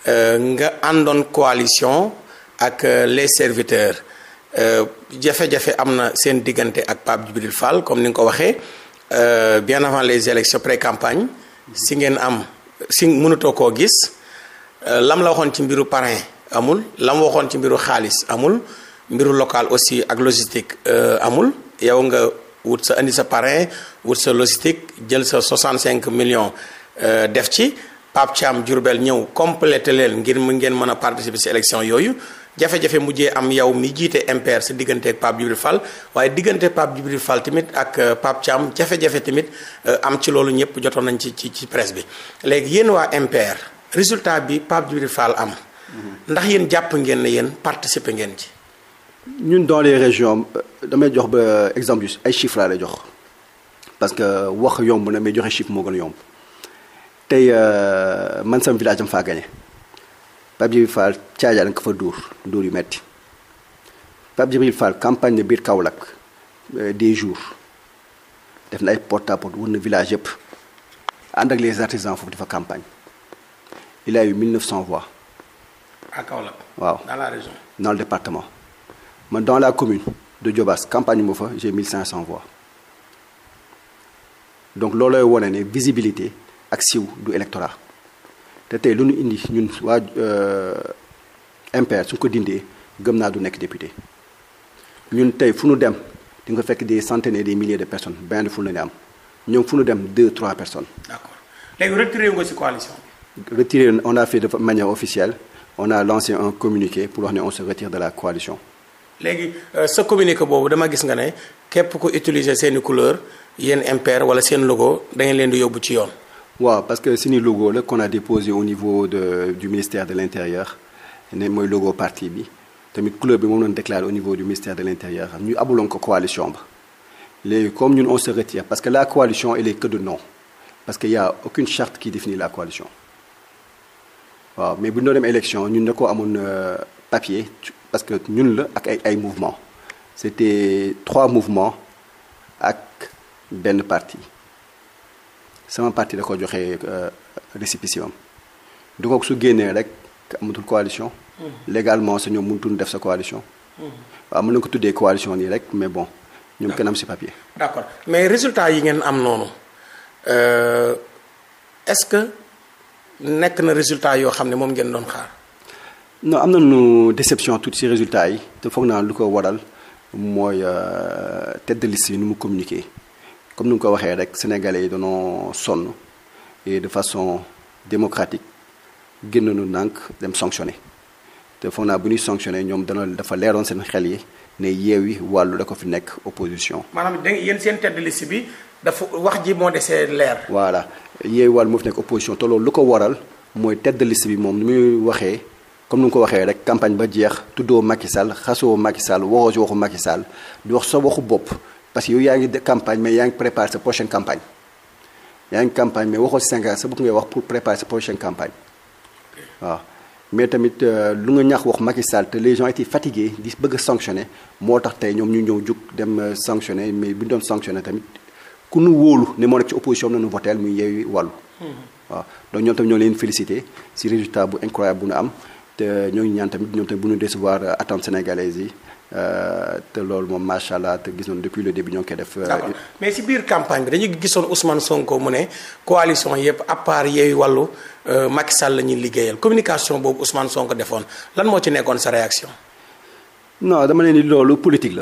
nga àndoon coalition. ak euh, les serviteurs euh, jafe-jafe am na seen diggante ak Pape Djibril Fall comme ni nga ko waxee euh, bien avant les élections pré-campagne si ngeen am si mënutoo koo gis lam la waxoon ci mbiru parrain amul lam waxoon ci mbiru xaalis amul mbiru local aussi ak logistique amul yow nga wut sa indi sa parrain wut sa logistique jël sa million millions def ci Pape Thiam Diourbel ñëw complété leen ngir mu ngeen mën a participer ci élection yooyu jafe-jafe mujjee am yow mi jiite MPR diggante digganteeg Pape Djibril Fall waaye diggante Pape Djibril Fall tamit ak euh, Pape Thiam jafe-jafe tamit euh, am ci loolu ñëpp jotoon nañ ci ci ci presse bi léegi yéen waa MPR résultat bi Pape Djibril Fall am mhm. ndax yéen jàpp ngeen ne yéen participer ngeen ci. ñun dans les régions euh, damay jox ba exemple ay chiffres laa lay jox parce que wax yomb na may joxe chiffre moo gën a yomb tey man sam village am faa gagné. Pape Djibril Fall caajaan ko fa dóor dóor yu metti Pape Djibril campagne de biir Kaolack euh, des jours def na ay porte à porte wër na village yëpp ànd ak les artisans foofu fa campagne il a eu cent voix. à waaw dans la région. dans le département man dans la commune de Diobas campagne moo fa j'ai 1500 voix donc loolooy wane ne visibilité ak siw du électorat. te tey lu ñu indi ñun waa euh, MPR su ko dindee gëm naa du nekk député ñun tey fu nu dem di nga fekk des centaines de des milliers de personnes benn fu ñu am ñoom fu ñu dem deux trois personnes. d'accord léegi retiré nga ci coalition bi. retiré on a fait de manière officielle on a lancé en communiqué pour wax ne on se retire de la coalition. léegi euh, sa communiqué boobu dama gis nga ne képp ko utiliser seeni couleur yéen MPR wala seen logo da leen di yóbbu ci yoon. waaw parce que suñu logo la qu'on a déposé au niveau de du ministère de l'intérieur ne mooy logo parti bi tamit couleur bi moom lañ déclaré au niveau du ministère de l'intérieur ñu abuloon ko coalition ba léegi comme ñun on se retire parce que la coalition elle est que de nom parce que y a aucune charte qui définit la coalition waaw mais bu ñu doon dem élection ñun da koo amoon euh, papier parce que ñun la ak ay ay mouvement c'était trois mouvements ak benn parti sama parti da ko joxe euh, récépissé am du ko su génnee rek amatul coalition. Mm-hmm. légalement sa ñoom mënutuñu def sa coalition. Mm-hmm. waaw mën na ko tuddee coalition nii rek mais bon ñoom kenn am si papier. d'accord mais résultat yi ngeen am noonu euh, est-ce que nekk na résultat yoo xam ne moom ngeen doon xaar. noo am na nañu déception tout si résultat yi te foog naa lu ko waral mooy euh, tête de liste yi nu mu communiquer. comme ni nga ko waxee rek sénégalais yi dañoo sonn et de façon démocratique génn nu nànk dem sanctionné te foog naa bu ñuy sanctionné ñoom dana dafa leeroon seen xel yi ne Yewwi wàllu da ko fi nekk opposition. maanaam da seen tête de bi dafa wax ji moo desee leer. voilà Yewwi wàllu moo fi nekk opposition te lu ko waral mooy tête de bi moom ni muy waxee comme nu nga ko waxee rek campagne ba jeex tuddoo Macky Sall xasoo Macky Sall waxoo si waxu Macky Sall di wax sa waxu bopp. parce que yow yaa ngi campagne mais yaa ngi préparé sa prochaine campagne yaa ngi campagne mais waxoo Sénégal sa bopp ngay wax pour préparer sa prochaine campagne waaw mais tamit euh, lu nga ñax wax Macky te les gens étaient di bëgg a sanctionné moo tax tey ñoom ñu ñëw jug dem euh, sanctionné mais bu ñu doon sanctionné tamit ku nu wóolu ne moo nekk ci opposition bi nañu voteel muy yeewi wàllu hmm. waaw donc ñoom tamit ñoom tamit bu ñu décevoir euh, attente sénégalaise Euh, te loolu moom macha allah te gis nañu depuis le début ñoo ngi koy def. Euh, mais si biir campagne bi dañu gisoon Ousmane Sonko mu ne coalition yëpp à part Yewwi Wallu euh, Macky Sall la ñuy liggéeyal communication boobu Ousmane Sonko defoon lan moo ci nekkoon sa réaction. non dama leen ni loolu politique la.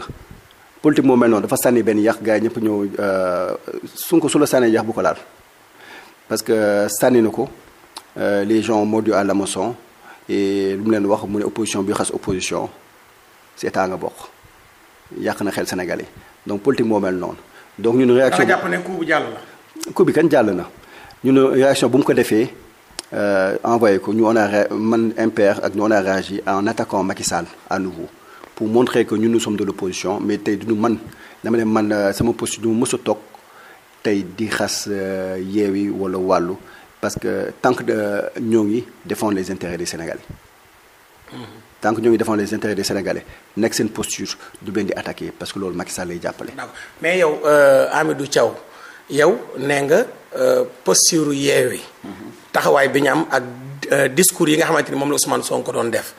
politique moo mel noonu dafa sànni benn yàq gaa yi ñëpp ñëw Sonko su la sànnee yax bu ko laal parce que sànni na ko les gens mordus à l'hameçon et lu mu leen wax mu ne opposition bi xas opposition. si état nga bokk yàq na xel Sénégal yi donc politique moo mel noonu. donc ñun réaction da nga bi kan jàll na ñun réaction bu mu ko defee euh, envoyé ko ñu on a man MPR ak ñu on réagi en attaquant Macky Sall à nouveau pour montrer ko ñun nous sommes de l' opposition mais tey duñu man dama ne man euh, sama poste du mës a toog tey di xas euh, Yewwi wala wàllu parce que tant de ñoo ngi défendre les intérêts des Sénégalais. Mm-hmm. tant que ñoo ngi défend les intérêts des sénégalais nekk seen posture du benn di attaqué parce que loolu Macky Sall lay jàppale. mais yow Hamidou euh, Thiaw yow nee nga euh, posture yeewi taxawaay bi ñu am ak euh, discours yi nga xamante ni moom la Ousmane ko doon def.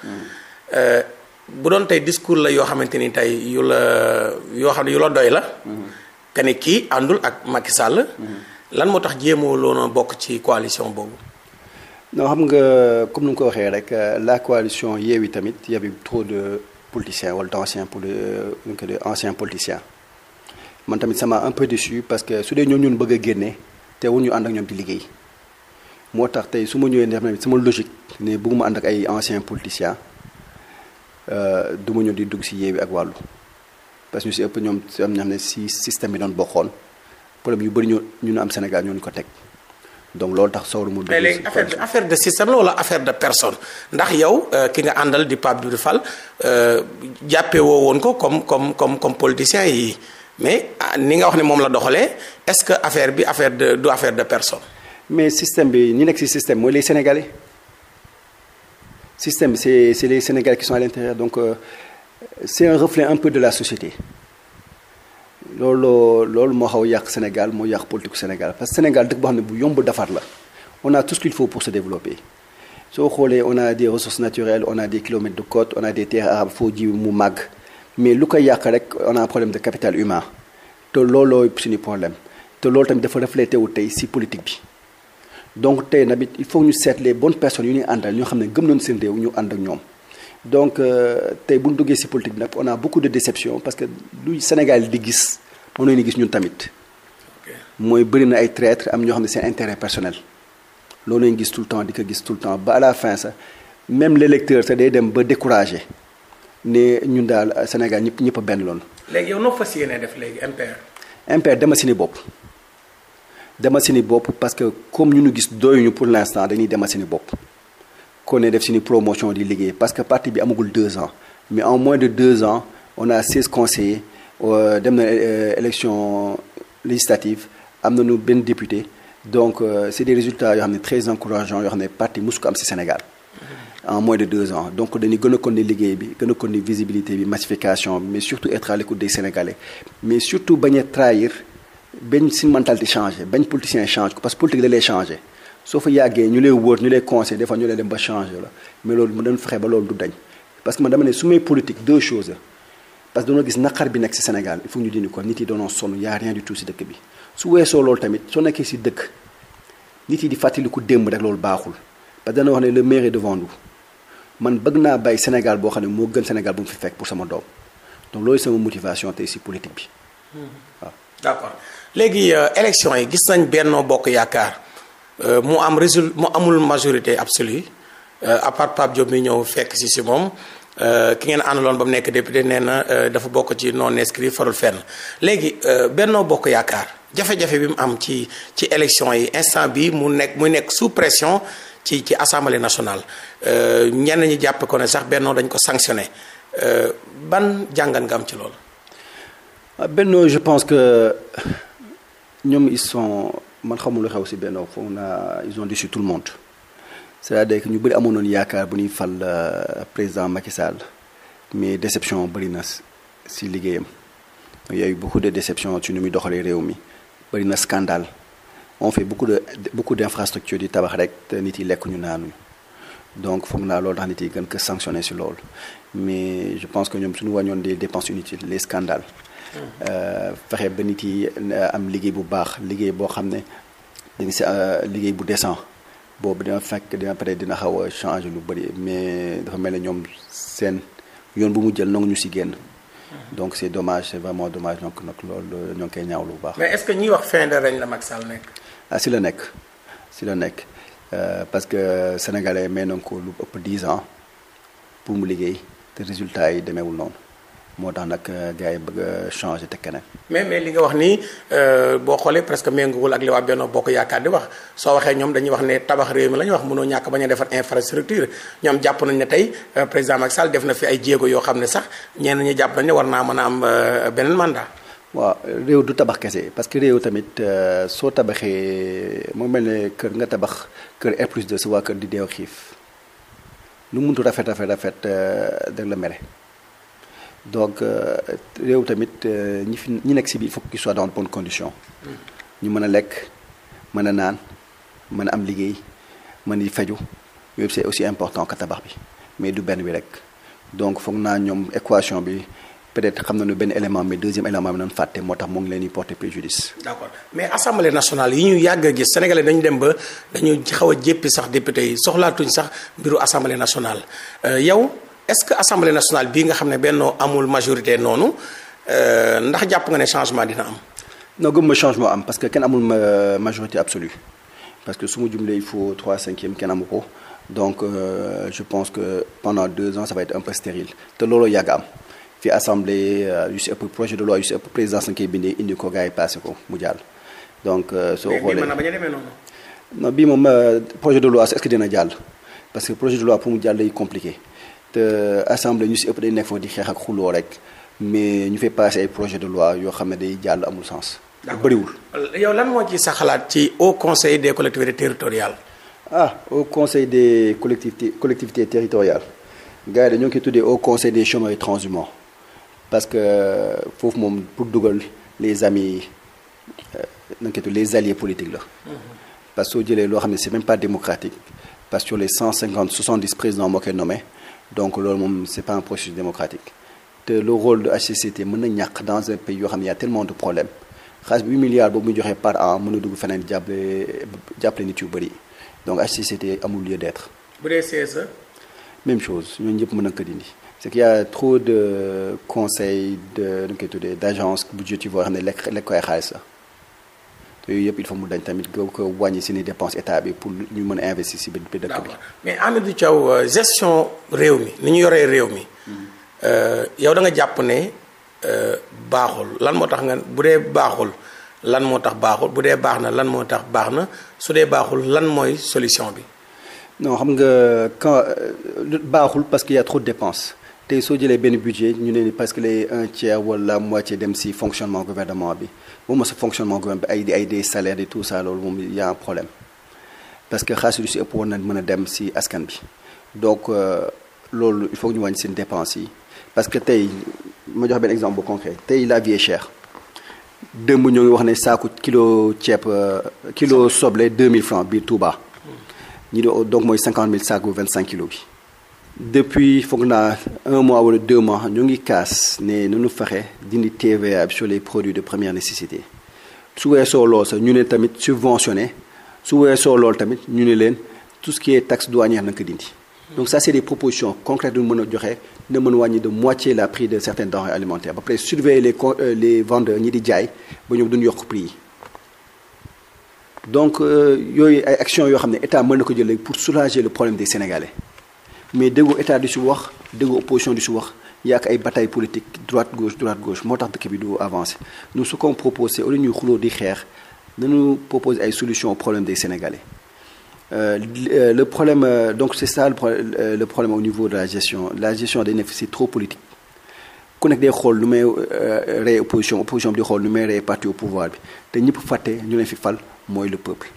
bu doon tey discours la yoo xamante ni tey yu la yoo xam ne yu la doy la. que ni kii àndul ak Macky Sall. Mm-hmm. lan moo tax jéemoo loona bokk ci coalition boobu. non xam nga comme ni nga ko waxee rek euh, la coalition yi tamit y avait trop de politiciens wala d'anciens euh, de anciens politiciens man tamit sama un peu parce que su dee ñoom ñun bëgg a génne te wu ñu ànd ak ñoom di liggéey moo tax tey su ma ñëwee ne sama logique ne bëgguma ànd ak ay anciens politiciens euh, du ma ñëw di dugg si Yewwi ak wàllu parce que ñu si ëpp ñoom am na xam ne si système bi doon bokkoon problème yu bëri ñoo ñu am Sénégal ñoo ñu ko teg. donc loolu tax sawru mu. mais léegi affaire de affaire de système la wala affaire de personne ndax yow euh, ki nga àndal di Pape Doudou Fall euh, jàppe woo woon ko comme comme comme comme politicien yi mais ah, ni nga wax ne moom la doxalee est-ce que affaire bi affaire de du affaire de personne. mais système bi ñi nekk si système mooy les sénégalais système c'est c'est les sénégalais qui sont à donc euh, c'est un reflet un peu de la société. loolu loolu moo xaw yàq Sénégal moo yàq politique Sénégal parce que Sénégal dëkk boo xam ne bu yomb defar la on a tout faut pour se développer soo xoolee on a des ressources naturelles on a kilomètres de côte on a foo ji mu màgg mais lu koy yàq rek on a un problème de te loolooy suñu problème te loolu tamit dafa reflété wu tey si politique bi donc tey it il faut ñu seetlee les bonnes yu ñuy àndal ñoo xam ne gëm nañu seen réew ñu ànd ak ñoom donc euh, tey bu nu duggee si politique bi nag on a beaucoup de déception parce que lu Sénégal di gis moom la ñuy gis ñun tamit mooy bëri na ay traître am ñoo xam ne seen intérêt personnel loolu la ñuy gis tout temps di ko gis tout temps ba à la fin sax même l'électeur sax day dem ba découragé ne ñun daal Sénégal ñëpp ñëpp a benn loolu. léegi yow noo fas yéene def léegi MPR. MPR dama si bopp dama si bopp parce que comme ñu nu gis doyuñu pour l'instant dañuy dema si ni bopp. kon ne def suñu promotion di liggéey parce que parti bi amagul deux ans mais en moins de deux ans a seize Euh, dem na euh, élection législative am nañu benn député donc euh, c' est des résultats yoo xam ne très encourageants yoo xam ne parti musu ko am si Sénégal mm-hmm. en moins de deux ans donc dañu gën a kon ni liggéey bi gën a kon ni visibilité bi massification bi mais surtout être à l'écoute des Sénégalais mais surtout bañ a trahir bañ si mentalité changé bañ politicien change ko parce que politique da lay changé soo fa yàggee ñu lay wóor ñu lay conseil des fois ñu lay dem ba changé la mais loolu mu doon loolu du dañ parce que man dama ne su may politique deux parce que dañoo gis naqar bi nag ci Sénégal il faut ñu dindi ko nit yi doonoo sonn y a rien du tout ci dëkk bi su weesoo loolu tamit soo nekkee ci dëkk nit yi di fàttaliku démb rek loolu baaxul parce que dana wax ne le maire de devant nous man bëgg naa bàyyi Sénégal boo xam ne moo gën Sénégal bu mu fi fekk pour sama doom donc loolu sama motivation tey ci politique bi waaw. Mmh. d'accord léegi euh, élection yi gis nañ Benno Bokk Yaakaar euh, mu am résultat mu amul majorité absolue euh, à part Pape mi ñëw fekk ci ci moom. Euh, ki ngeen àndaloon ba mu nekk député nee na euh, dafa bokk ci non inscrit farul fenn léegi euh, Benno Bokk Yaakaar jafe-jafe bi mu am ci ci élection yi instant bi mu nekk muy nekk sous pression ci ci assemblée nationale ñenn ñi jàpp ko ne sax Benno dañ ko sanctionné ban jàngat nga am ci loolu. Ah, Benno je pense que ñoom ils sont man xamul lu xew si Benno foog naa ils ont déçu tout le monde. c'est-à-dire que ñu bëri amoon nañu yaakaar bu nuy fal euh, président Macky Sall mais déception bëri na si liggéeyam yooyu bu a eu beaucoup de déception ci nu muy doxalee réew mi bëri na scandale on fait beaucoup de beaucoup d'infrastructures di tabax rek te nit yi lekk ñu naanuñu donc foog naa loolu tax nit yi gën ko sanctionné si loolu mais je pense que ñoom suñu wàññoon des dépenses inutiles les scandales mm. euh, fexe ba nit yi euh, am liggéey bu baax liggéey boo xam ne dañ si liggéey bu décent boobu dina fekk dina pare dina xaw a lu bëri mais dafa mel ne ñoom seen yoon bu mu jël nangu ñu si génn. donc c' est dommage c' est vraiment dommage nag loolu ñoo ngi koy ñaawlu bu baax. mais est ce que ñuy wax fin de règne la Macky Sall nekk. ah si la nekk si la nekk euh, parce que sénégalais may nañ ko lu ëpp 10 an pour mu liggéey te résultat yi demeewul noonu. moo tax nag euh, gars yi bëgg a changer te keneen. mais mais li nga wax nii euh, boo xoolee presque méngoowul ak li waa Benno Bokk Yaakaar di wax soo waxee ñoom dañuy wax ne tabax réew mi la ñu wax mënoo ñàkk bañ a defar infrastructure ñoom jàpp nañ ne tey euh, président Macky Sall def na fi ay jéego yoo xam ne sax ñenn ñi jàpp nañ ne war naa mën a am beneen mandat. waaw réew du tabax kese parce que réew tamit soo tabaxee mu mel ne kër nga tabax kër R plus 2 kër di deew xiif lu muntu rafet rafet rafet dag la mere. donc euh, réew tamit euh, ñi fi ñi nekk si biir il faut qu'ils soient dans de bonnes ñu mën a lekk mën a naan mën a am liggéey mën a faju yooyu c'est aussi important que tabax bi mais du benn bi rek donc foog naa ñoom équation bi peut-être xam nañu benn élément mais deuxième élément bi nañu fàtte moo tax mu ngi leen di porter préjudice. d'accord mais assemblée nationale yi ñu yàgg a gis sénégalais dañu dem ba dañu xaw a jéppi sax député yi soxlaatuñ sax mbiru assemblée nationale euh, yow. est-ce que assemblée nationale bi nga xam ne bennoo amul majorité noonu euh, ndax jàpp nga ne changement dina am. non gëm ma changement am parce que kenn amul euh, majorité absolue parce que su ma jumlee il faut trois cinquième ko donc euh, je pense que pendant deux ans ça va être te looloo yàgg am fi assemblée euh, yu si ëpp projet de loi yu si ëpp présidence na passé ko mu jàll. donc soo xoolee mais non bii de loi est-ce que dina jàll parce que projet de loi pour mu jàll day compliqué. te assemblée ñu si ëpp day nekk foofu di xeex ak xuloo rek mais ñu fay passé ay projet de loi yoo xam ne day jàll amul sens. bëriwul. yow lan moo ci sa xalaat ci au conseil des collectivités territoriales. ah au conseil des collectivités collectivités territoriales gars yi dañoo koy tuddee au conseil des chômeurs et transhumants parce que euh, foofu moom pour dugal les amis euh, nañ koy tudd les alliés la. Mm-hmm. parce que soo jëlee loo xam ne c'est même pas démocratique parce que sur les cent cinquante soixante dix moo koy donc loolu moom c'est pas un processus démocratique te le rôle de HCCT mën na ñàkk dans un pays yoo xam ne y a tellement de problèmes xaalis bi milliards boobu mu joxe par an mën na dugg feneen jàppale jàppale nit yu bëri donc HCCT amul lieu d'être. bu dee CSE. même chose ñooñu ñëpp mën na ko dindi c'est qu'il y a trop de conseils de nu ñu koy tuddee d'agence budgétivore yoo xam ne lekk lekk koy xaalis la. yooyu yëpp il faut mu dañ tamit ko ko wàññi seen ni dépense état bi pour ñu mën a investir si biir dëkk bi. mais na du Thiaw euh, gestion réew mi ni ñu yoree réew mi. Euh, yow da nga jàpp ne euh, baaxul lan moo tax nga bu dee baaxul lan moo tax baaxul bu dee baax na lan moo tax baax na su dee baaxul lan mooy solution bi. non xam nga baaxul parce que y a trop de dépenses soo jëlee benn budget ñu ne ni parce que les un tiers wala moitié dem si fonctionnement gouvernement bi. waxuma sa fonctionnement gouvernement bi ay ay des salaires et tout ça loolu moom y a problème parce que xaalis lu si ëpp woon na mën a dem si askan bi donc euh, loolu il faut ñu wàññi seen dépense yi parce que tey ma jox benn exemple bu concret tey la vie est chère démb ñoo ngi wax ne saaku kilo ceeb euh, kilo soble mille francs biir Touba ñu donc mooy 50 000 saaku 25 kilos bi. depuis foog naa un mois wala deux mois ñu ngi kaas ne nu nu fexe dindi TVA bi sur les produits de première nécessité su weesoo lool sax ñu ne tamit subventionné su weesoo lool tamit ñu ne leen tout ce qui est taxe douanière na ko dindi. donc ça c' est des propositions concrètes mën a joxe dina mën wàññi de moitié la prix de certaines denrées alimentaires ba pare surveiller les con euh, les vendeurs ñi di jaay ba ñoom duñu yokk prix yi donc euh, yooyu ay actions yoo xam ne état mën na ko jël pour soulager le problème des sénégalais. mais déggoo état di si wax déggoo opposition di si wax y a ay bataille politique droite gauche droite gauche moo tax dëkk bi du avancé nous ce qu'on propose c'est au lieu di xeex nañu proposer ay solution au problème des Sénégalais euh, euh, le problème euh, donc c'est ça le problème, euh, le problème au niveau de la gestion la gestion day nekk c'est trop politique ku nekk day xool nu may euh, rey opposition opposition bi di xool nu may rey parti au pouvoir bi te ñëpp fàtte ñu leen fi fal mooy le peuple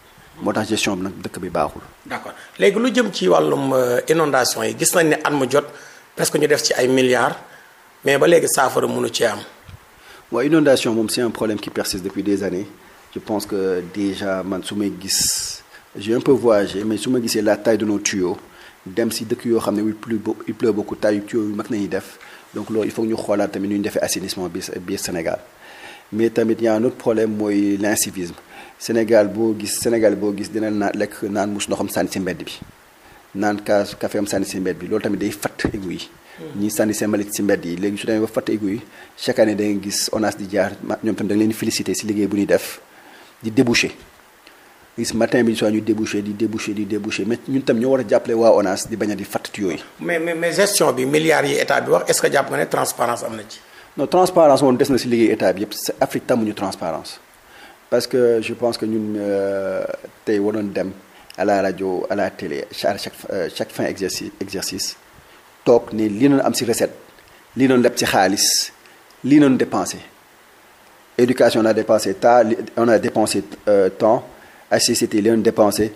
moo tax gestion bi nag dëkk bi baaxul. d'accord léegi lu jëm ci wàllum euh, inondation yi gis nañ ne at mu jot presque ñu def ci ay milliards mais ba léegi saafara mënu ci am. waaw inondation moom c'est un problème qui persiste depuis des années je pense que déjà man su may gis j'ai un peu voyagé mais su ma gisee la taille de nos tuyaux dem si dëkk yoo xam ne il pleut il pleut beaucoup taille tuyaux yu mag nañuy def donc loolu il faut ñu xoolaat tamit nu ñu defee assainissement bi biir Sénégal mais tamit y a un autre problème mooy Sénégal boo gis Sénégal boo gis dina lekk naan mus ndoxam sànni si mbedd bi naan kaas café am sànni si mbedd bi loolu tamit day fatt égout yi. Hmm. ñuy sànni seen mbalit si mbedd yi léegi su demee ba fatt égout yi chaque année da nga gis ONAS di jaar ñoom tam da nga liggéey bu ñuy def di débouché. gis matin bi soit ñu débouché di débouché di débouché mais ñun tam ñoo war a jàppale waa ONAS di bañ a di fàtt yooyu. mais mais mais gestion bi milliards yi état bi wax est-ce que jàpp nga parce que je pense que ñun euh, tey waroon dem à la rajo à la télé chaque euh, chaque fin exercice exercice toog ni lii noonu am ci recette lii noonu leb ci xaalis lii noonu dépensé éducation on a dépensé temps on a dépensé euh, temps HCCT li noonu dépensé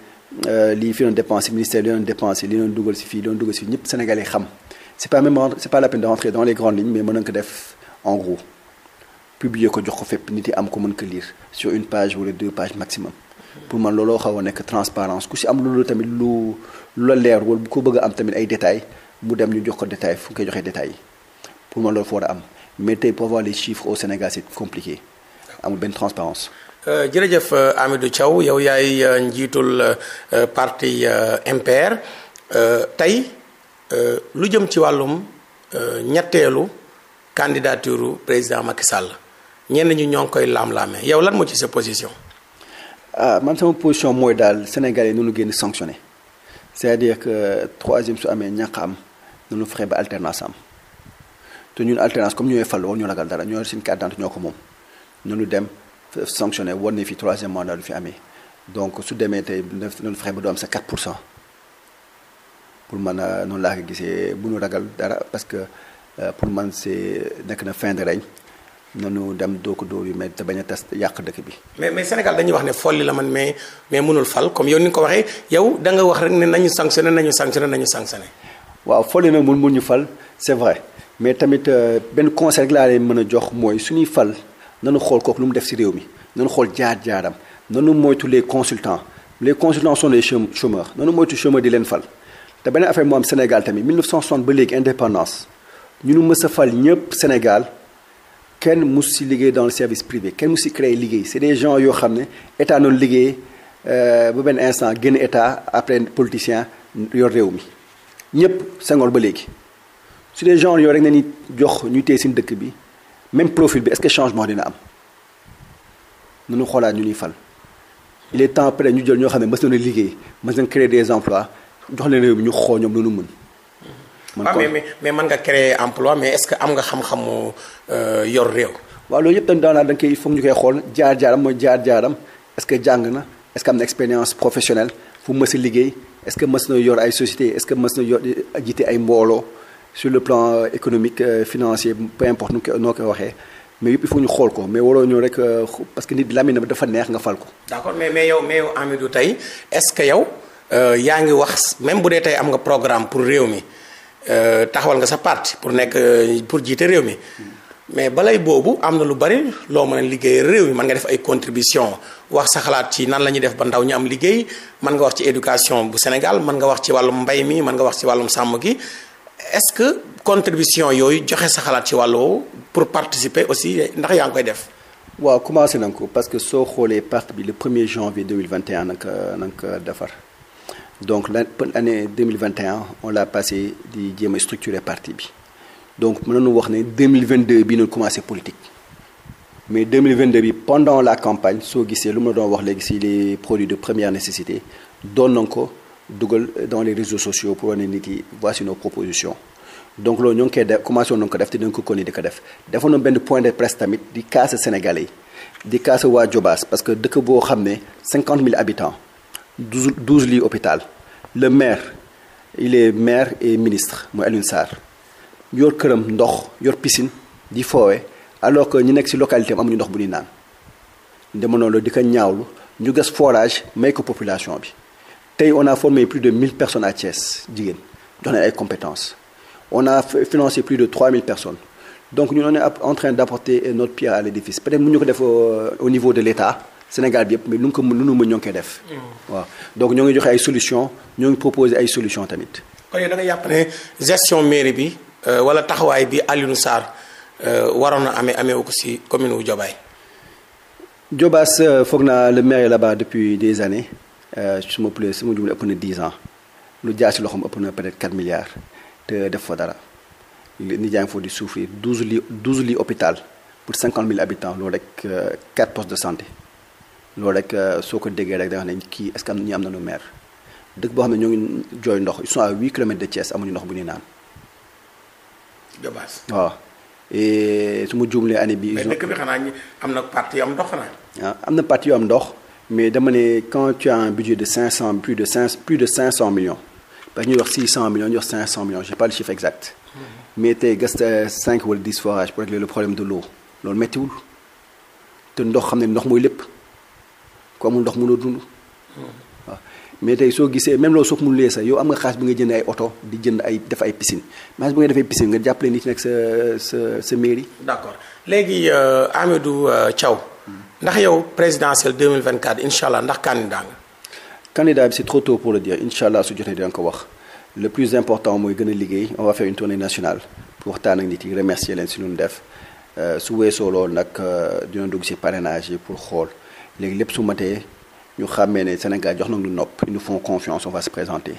lii fi noonu dépensé ministère li noonu dépensé li noonu dugal ci fii li noonu dugal si fii ñëpp Sénégalais xam c'est pas même c'est pas la peine de rentrer dans les grandes lignes mais mën nañu ko def en publier ko jox ko fépp nit yi am ko mën ko lire sur une page wala deux pages maximum pour man looloo xaw a nekk transparence ku si am loolu tamit lu lu la leer wala bu ko bëgg am tamit ay détails mu dem ñu jox ko détail fu ñu koy joxee yi pour man loolu foo am mais tey pour voir les chiffres au Sénégal c'est compliqué amul benn transparence euh, jërëjëf Hamidou euh, Thiaw yow yaay euh, njiitul parti MPR tey lu jëm ci wàllum ñetteelu candidature président Macky Sall ñenn ñi ñoo ngi koy laam-laamee yow lan moo ci sa position. ah man sama position mooy daal Sénégal yi nu génn sanctionné c'est-à-dire que troisième su amee ñàkk am nu fexe ba alternance am te ñun alternance comme ñooy fal woon ñu ragal dara ñoo seen carte d'identité ñoo ko moom ñu dem sanctionné woon ne fi troisième mandat du fi amee donc su demee tey nu fexe ba doo am sa pour cent pour man ah, noonu laa ko gisee bu ñu ragal dara parce que ah, pour man c'est nekk na fin de règne. nanu dem doo ko doo bi mais te bañ a tas yàq dëkk bi. mais mais Sénégal dañuy wax ne folli la man mais mais mënul fal comme yow ni nga ko waxee yow da nga wax rek ne nañu sanctionné nañu sanctionné nañu sanctionné. waaw folli nag mun mun ñu fal c'est vrai mais tamit euh, benn conseil rek laa leen mën a jox mooy suñuy fal nanu xool kook lu mu def ci réew mi nanu xool jaar jaaram nanu moytu les consultant les consultants sont les chômeurs nanu moytu chômeurs di leen fal. te beneen affaire moo Sénégal tamit 1960 ba léegi indépendance ñu nu mës a fal ñëpp Sénégal. kenn mus si liggéey dans le service privé kenn mus si créer liggéey c'est des gens yoo xam ne état noonu liggéey euh, ba benn instant génn état après politicien yor réew mi ñëpp Senghor ba léegi su des gens yoo rek nañu jox ñu téye seen dëkk bi même profil bi est-ce que changement dina am nunu xoolaat ñu ñuy fal il est temps après ñu jël ñoo xam ne mës nañu liggéey mës nañu créer des emplois jox leen réew mi ñu xoo ñoom lu mën mën ah, mais mais mais mën nga créer emploi mais est-ce que am nga xam-xamu euh, yor réew. waaw loolu yëpp tamit daanaka da nga koy foog ñu koy xool jaar-jaaram mooy jaar-jaaram est-ce que jàng na est-ce que am na expérience professionnelle fu mës a liggéey est-ce que mës na yor ay société est-ce que mës na yor jiite ay mbooloo sur le plan euh, économique euh, financier peu importe nu ko noo koy waxee. mais yëpp il faut ñu xool ko mais waroo ñëw rek parce que nit bi dafa neex nga fal ko. d'accord mais mais yow mais yow tey est-ce que yow yaa ngi wax même bu dee tey am nga programme pour réew mi. Euh, taxawal nga sa parti pour nekk euh, pour jiite réew mi mais balay boobu am na lu bari loo mën a liggéey réew mi mën nga def ay contribution wax sa xalaat ci nan la ñuy def ba ndaw ñu am liggéey mën nga wax ci éducation bu Sénégal mën nga wax ci wàllum mbay mi mën nga wax ci wàllum sàmm gi est-ce que contribution yooyu joxe sa xalaat ci wàllu pour participer aussi ndax yaa ngi koy def. waaw commencé nañ ko parce que soo xoolee parti bi le 1er janvier 2021 nag euh, nag defar. donc l'année 2021 on l'a passé di jéem a structurer parti bi donc nu wax ne 2022 bi ñu commencé politique mais 2022 bi pendant la campagne soo gisee lu ma doon wax léegi si les produits de première nécessité doon nañ ko dugal dans les réseaux sociaux pour ni nit yi voici nos propositions donc loolu ñoo ngi koy def commencé woon ko def te dañ ko continuer di ko def defoon na benn point de presse tamit di kaasa Sénégalais yi di kaasa waa Jobaas parce que dëkk boo xam ne 50 000 habitants. douze douze lits hôpital le maire il est maire et ministre mooy Alioune Sarr yor këram ndox yor piscine di foowe alors que ñu nekk ci localité am amuñu ndox bu ñuy naan demoon la di ko ñaawlu ñu gas forage may ko population bi tey on a formé plus de mille personnes à Thiès jigéen jox ay compétences on a financé plus de trois mille personnes donc ñu on est en train d'apporter notre pierre à l'édifice peut-être mënuñu ko def euh, au niveau de l'État Sénégal bi yëpp mais lu ko mën lu ma mën ñoo koy def. Mm. waaw donc ñoo ngi joxe ay solution ñoo ngi proposé ay solution tamit. kon yow da nga yàpp ne gestion mairie bi euh, wala taxawaay bi Alioune Sarr euh, waroon na amee amee wu ko si commune wu Diobaye. Diobass foog naa le maire là-bas depuis des années euh, su ma plaît su ma jublu ëpp na 10 ans lu jaar si loxoom ëpp na peut-être 4 milliards te def fa dara nit yaa ngi foofu di souffrir 12 lits 12 lits hôpital pour 50 000 habitants loolu rek 4 de santé. loolu rek euh, soo ko déggee rek da nga xam ne kii est ce que am ñi am nañu maire dëkk boo xam ne ñoo ngi jooy ndox ils sont à huit kilomètres de Thiès amuñu ndox bu ñuy naan. de base waaw. su ma juumlee année bi. mais dëkk bi xanaa ñi am na parti am ndox xanaa. Ah, am na parti yoo am ndox mais dama ne quand tu as un budget de cinq cent plus de cinq plus de cinq cent millions parce que ñuy wax six cent millions ñuy wax cinq cent millions j'ai pas le chiffre exact. Mm-hmm. mais tey gas cinq wala dix forages pour régler le problème de loolu méttiwul te ndox xam ne ndox mooy lépp. ku amul ndox mënoo dund waaw mais tey soo gisee même loolu mu ko mënulee sax yow am nga xaalis bi nga jënd ay oto di jënd ay def ay piscine xaalis bi nga defee piscine nga jàppale nit ñi nag sa sa sa mairie. d' accord léegi Hamidou euh, euh, Thiaw ndax yow présidentielle 2024 incha allah ndax candidat nga. candidat bi c' est trop tôt pour le incha allah su jotee dinañ ko wax le plus important mooy gën a liggéey on va faire une pour waxtaan ak nit yi remercier leen si lu mu def euh, su weesoo lool nag dina dugg si parrainage yi pour xool. léegi lépp su matee ñu xàmmee ne Sénégal jox nañu lu nopp ils nous font confiance on va se présenter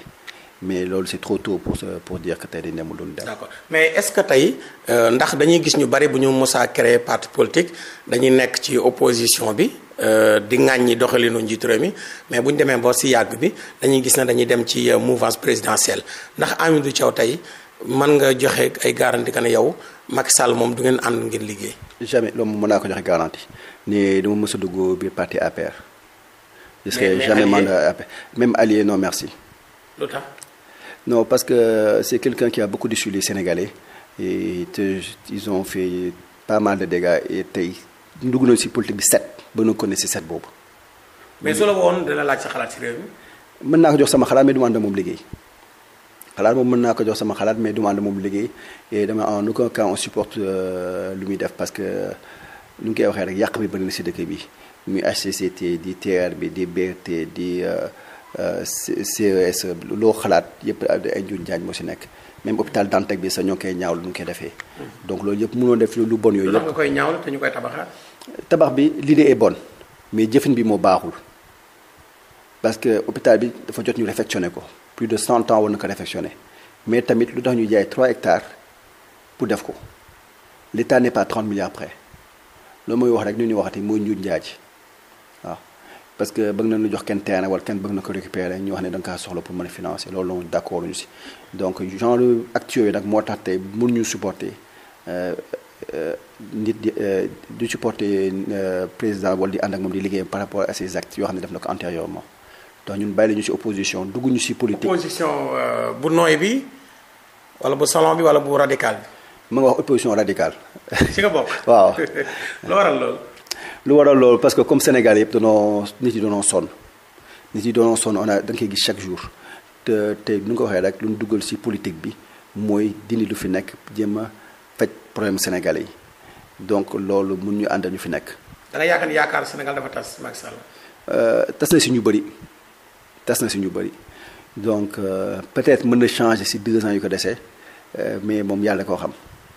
mais loolu c'est trop tôt pour pour dire que tey di demul duñ dem. mais est-ce que tey euh, ndax dañuy gis ñu bari bu ñu mosaa créer parti politique dañuy nekk ci opposition bi euh, di ŋàññi doxalinu njiitu réew mi mais bu ñu demee ba si yàgg bi dañuy gis ne dañuy dem ci euh, mouvance présidentielle ndax Hamidou Thiaw tey. man nga joxe ay garanti que ne yow Macky Sall moom du ngeen ànd ngeen liggéey. jamais loolu naa ko joxe garanti ni dama mës a dugg biir parti APR. jusqu'à jamais mandat APR même allié non merci. lu tax. non parce que c'est quelqu'un qui a beaucoup déçu les Sénégalais et te ils ont fait pas mal de dégâts tey dugg nañu si politique bi set ba ñu connaître si set boobu. mais su la woon dana laaj sa xalaat si mën naa ko jox sama xalaat mais du ma ànd moom liggéey. xalaat moom mën naa ko jox sama xalaat mais demande moom liggéey et dama en aucun cas on supporte euh, lu muy def parce que nu ñu koy waxee rek yàq bi bëri na si dëkk bi muy HCCT di TR bi di BRT di euh, euh, CES loo xalaat yëpp ay njuñ jaañ moo si nekk même hôpital Dantec bi sa ñoo ngi koy ñaawlu nu ñu koy defee. Mm-hmm. donc loolu yëpp mënoo def lu bon yooyu yëpp. nga koy ñaawlu te ñu koy tabaxaat. tabax bi l'idée est bon mais jëfin bi moo baaxul parce que hôpital bi dafa jot ñu réfectionné ko. plus de cent ans war na ko réfectionner mais tamit lu tax ñu jaay trois hectares pour def ko li état n' est pas trente milliards près loolu mooy wax rek ñu ñu waxati mooy njuuj njaaj waaw parce que bëgg nañu jox kenn terrain wala kenn bëgg na ko récupérer ñu wax ne da a financer loolu noonu d' accord ñu si donc genre actes yooyu nag moo tax tey mën ñu supporter euh, euh, nit di euh, di supporter président wala di ànd ak moom di liggéeyam par rapport à ces actes yoo xam ne def na ko antérieurement ndax ñun bàyyi la ñu ci opposition dugguñu ñu ci politique. opposition euh, bu nooy bi wala bu salon bi wala bu radical bi. ma nga wax opposition radicale. ci nga bokk. waaw. lu waral loolu. parce que comme Sénégal yëpp danoo nit yi danoo sonn nit yi danoo sonn on koy gis chaque jour te te nu ko waxee rek lu ñu duggal ci politique bi mooy dindi lu fi nekk jéem a faj problème sénégalais donc loolu mun ñu ànd ñu fi nekk. da yaakaar ni yaakaar Sénégal dafa tas Macky Sall. Euh, tas na ci ñu bëri. tas na si ñu bëri donc euh, peut-être mën na changer si deux ans yu ko desee euh, mais moom yàlla koo xam.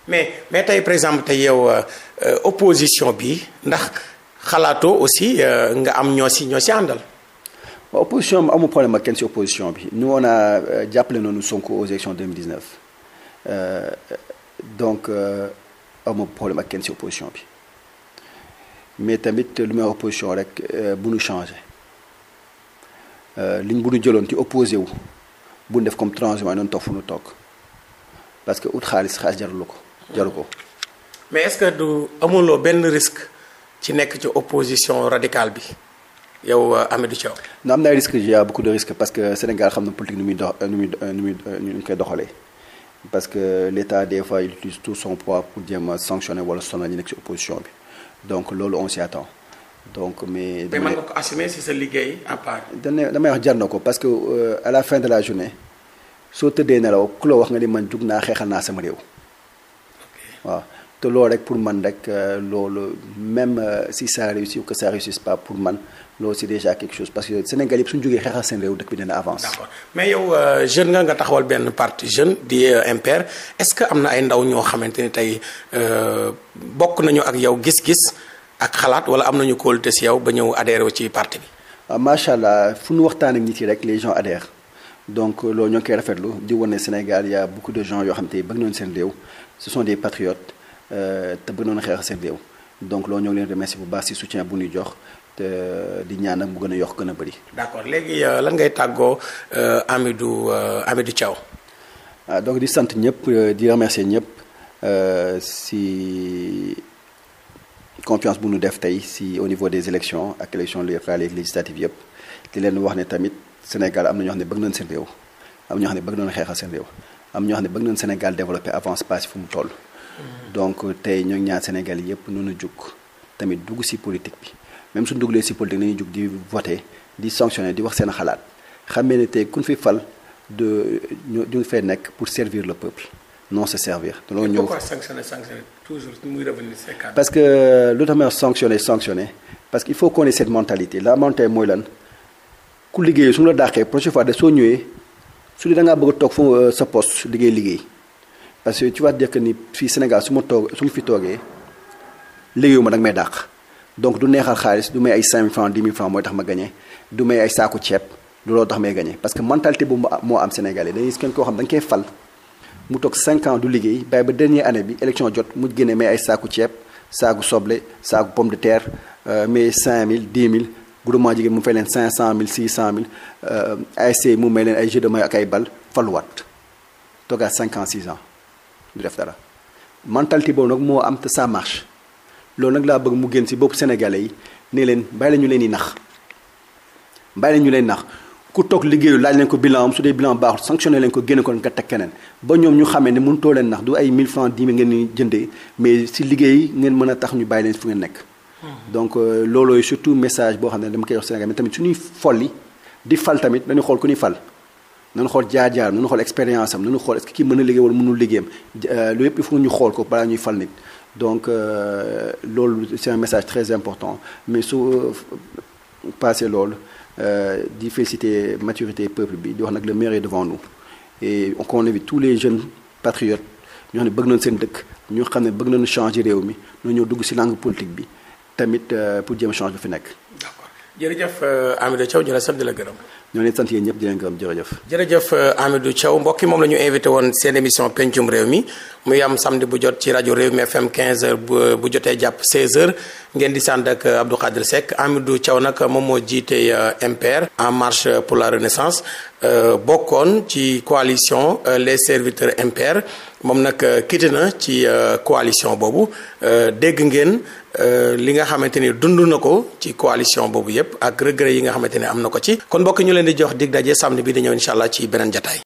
mais mais tey par exemple tey yow euh, opposition bi ndax xalaatoo aussi nga am ñoo si ñoo si àndal. opposition bi amul problème ak kenn si bi ñu woon a jàppale noonu Sonko aux élections 2019 euh, donc amul problème kenn si opposition bi mais tamit lu may opposition rek bu nu changer. Euh, liñ bu ñu jëloon ci opposé wu bu def comme transhumance noonu toog fu nu toog parce que ut xaalis xaalis jarul ko jaru ko. mais est-ce que du amuloo benn risque ci nekk ci opposition radicale bi yow Hamidou euh, Thiaw. non am na ay risques y a beaucoup de risques parce que Sénégal xam na politique nu muy dox euh, nu muy nu muy nu ñu koy doxalee. parce que l'État des fois il utilise tout son poids pour jéem a sanctionner wala sonal ñi nekk ci opposition bi donc loolu on s'y donc mais. mais mën nga si sa liggéey à part. damay damay wax jar na ko parce que euh, à la fin de la journée soo tëddee nelaw ku la wax nga ni man jug naa xeexal naa sama réew. waaw te loolu rek pour man rek euh, loolu même euh, si ça réussit ou que ça réussisse pas pour man loolu c'est déjà quelque chose parce que Sénégal yëpp suñu jógee xeexal seen réew dëkk bi dina avance. d'accord mais yow jeune nga nga taxawal benn parti jeune di MPR est-ce que am na ay ndaw ñoo xamante ne tey bokk nañu ak yow gis-gis. ak xalaat wala am nañu kóolute si yow ba ñëw adhéré ci parti bi. Ah, macha allah fu ñu waxtaan ak nit yi rek les gens adhèrent donc euh, loo ñoo koy rafetlu di wane Sénégal y a beaucoup de gens yoo xam te bëgg nañu seen réew ce sont des patriotes euh, te bëgg nañu xeex seen réew donc loolu ñoo ngi leen remercier bu baax si soutien bu ñuy jox te euh, di ñaan ak mu gën a yokk gën a bëri. d' accord léegi lan ngay tàggoo du Hamidou Thiaw. Ah, donc di sant ñëpp di remercier ñëpp si. confiance bu ñu def tey si au niveau des élections ak élections locales ak législatives yëpp di leen wax ne tamit Sénégal am na ñoo xam ne bëgg nañ seen réew am ñoo xam ne bëgg nañ xeexal seen réew am ñoo xam ne bëgg nañ Sénégal développé avance passé fu mu toll. Mm-hmm. donc tey ñoo ñaar ñaan Sénégal yëpp noonu jug tamit dugg si politique bi même suñ dugalee si politique nañu jug di voté di sanctionné di wax seen xalaat xam ne tey ku fi fal de ñu fee nekk pour servir le peuple non se servir. loolu ñëw pourquoi sanctionner toujours muy revenir si parce que lu tax ma sanctionné sanctionné parce que il faut qu'on ait cette mentalité la mentalité mooy lan ku liggéey su ñu la dàqee prochaine fois de soo ñëwee su dee da ngaa bëgg a toog foofu euh, sa poste di ngay liggéey parce que ci vas dire ni fii Sénégal su ma toog su ma fi toogee liggéeyuma da may dàq donc du neexal xaalis du may ay 5000 francs 10 000 francs mooy tax ma gagné du may ay saaku ceeb du loolu tax may gagné parce que mentalité boobu moo am xam da koy fal. mu toog 5 du liggéey bàyyi ba dernière année bi élection jot mu génne mais ay saaku ceeb saaku soble saaku pomme de terre euh, mais 5000 mille groupement jigéen mu fay leen 500000 600000 ASC mu may leen ay jeu de maillot ak ay bal faluwaat toogaat 5 ans 6 ans du def dara mentalité boobu nag moo am te ça marche loolu nag laa bëgg mu génn ci bopp sénégalais yi ne leen bàyyi la ñu leen di nax bàyyi la leen nax. ku toog liggéeyu laaj leen ko bilan am su dee bilan baaxul sanctionné leen ko génne ko nga teg keneen ba ñoom ñu xamee ne mënutoo leen nax du ay 1000 francs 10 ngeen di mais si liggéey ngeen mën a tax ñu bàyyi leen fu ngeen nekk. Hmm. donc euh, loolooy surtout message boo xam ne dama koy wax Sénégal mais tamit suñuy folli di fal tamit dañu xool ku ñuy fal. nañu xool jaar jaar nañu xool expérience am nañu xool est-ce que kii mën a liggéey wala mënul euh, ñu xool ko balaa ñuy fal nit donc euh, loolu c'est un message très important mais su passé Euh, di féliciter maturité peuple bi di wax nag le meilleur est devant nous et qu'on invite tous les jeunes patriotes ñoo xam ne bëgg nañ seen dëkk ñoo xam ne bëgg nañu changer réew mi ñoo ñëw dugg ci langue politique bi tamit euh, pour jéem a changer fi nekk. jërëjëf Hamida euh, Thiaw ñu la sant gërëm. ñoo leen sant yéen ñëpp di leen gërëm euh, yi moom la ñu invité woon seen émission pencum réew mi muy am samedi bu jot ci rajo réew mi FM 15h bu jotee jàpp 16h ngeen di sànd ak euh, Abdou Khadre Seck Hamidou caw nag moom moo jiite euh, MPR en marche pour la renaissance bokkoon ci coalition les serviteurs MPR moom nag quitté na ci coalition boobu dégg ngeen. li nga xamante ni dund na ko ci coalition boobu yépp ak regret yi nga xamante ni am na ko ci kon mbokk ñu leen di jox dig daje samedi bi di ñëw incha allah ci beneen jataay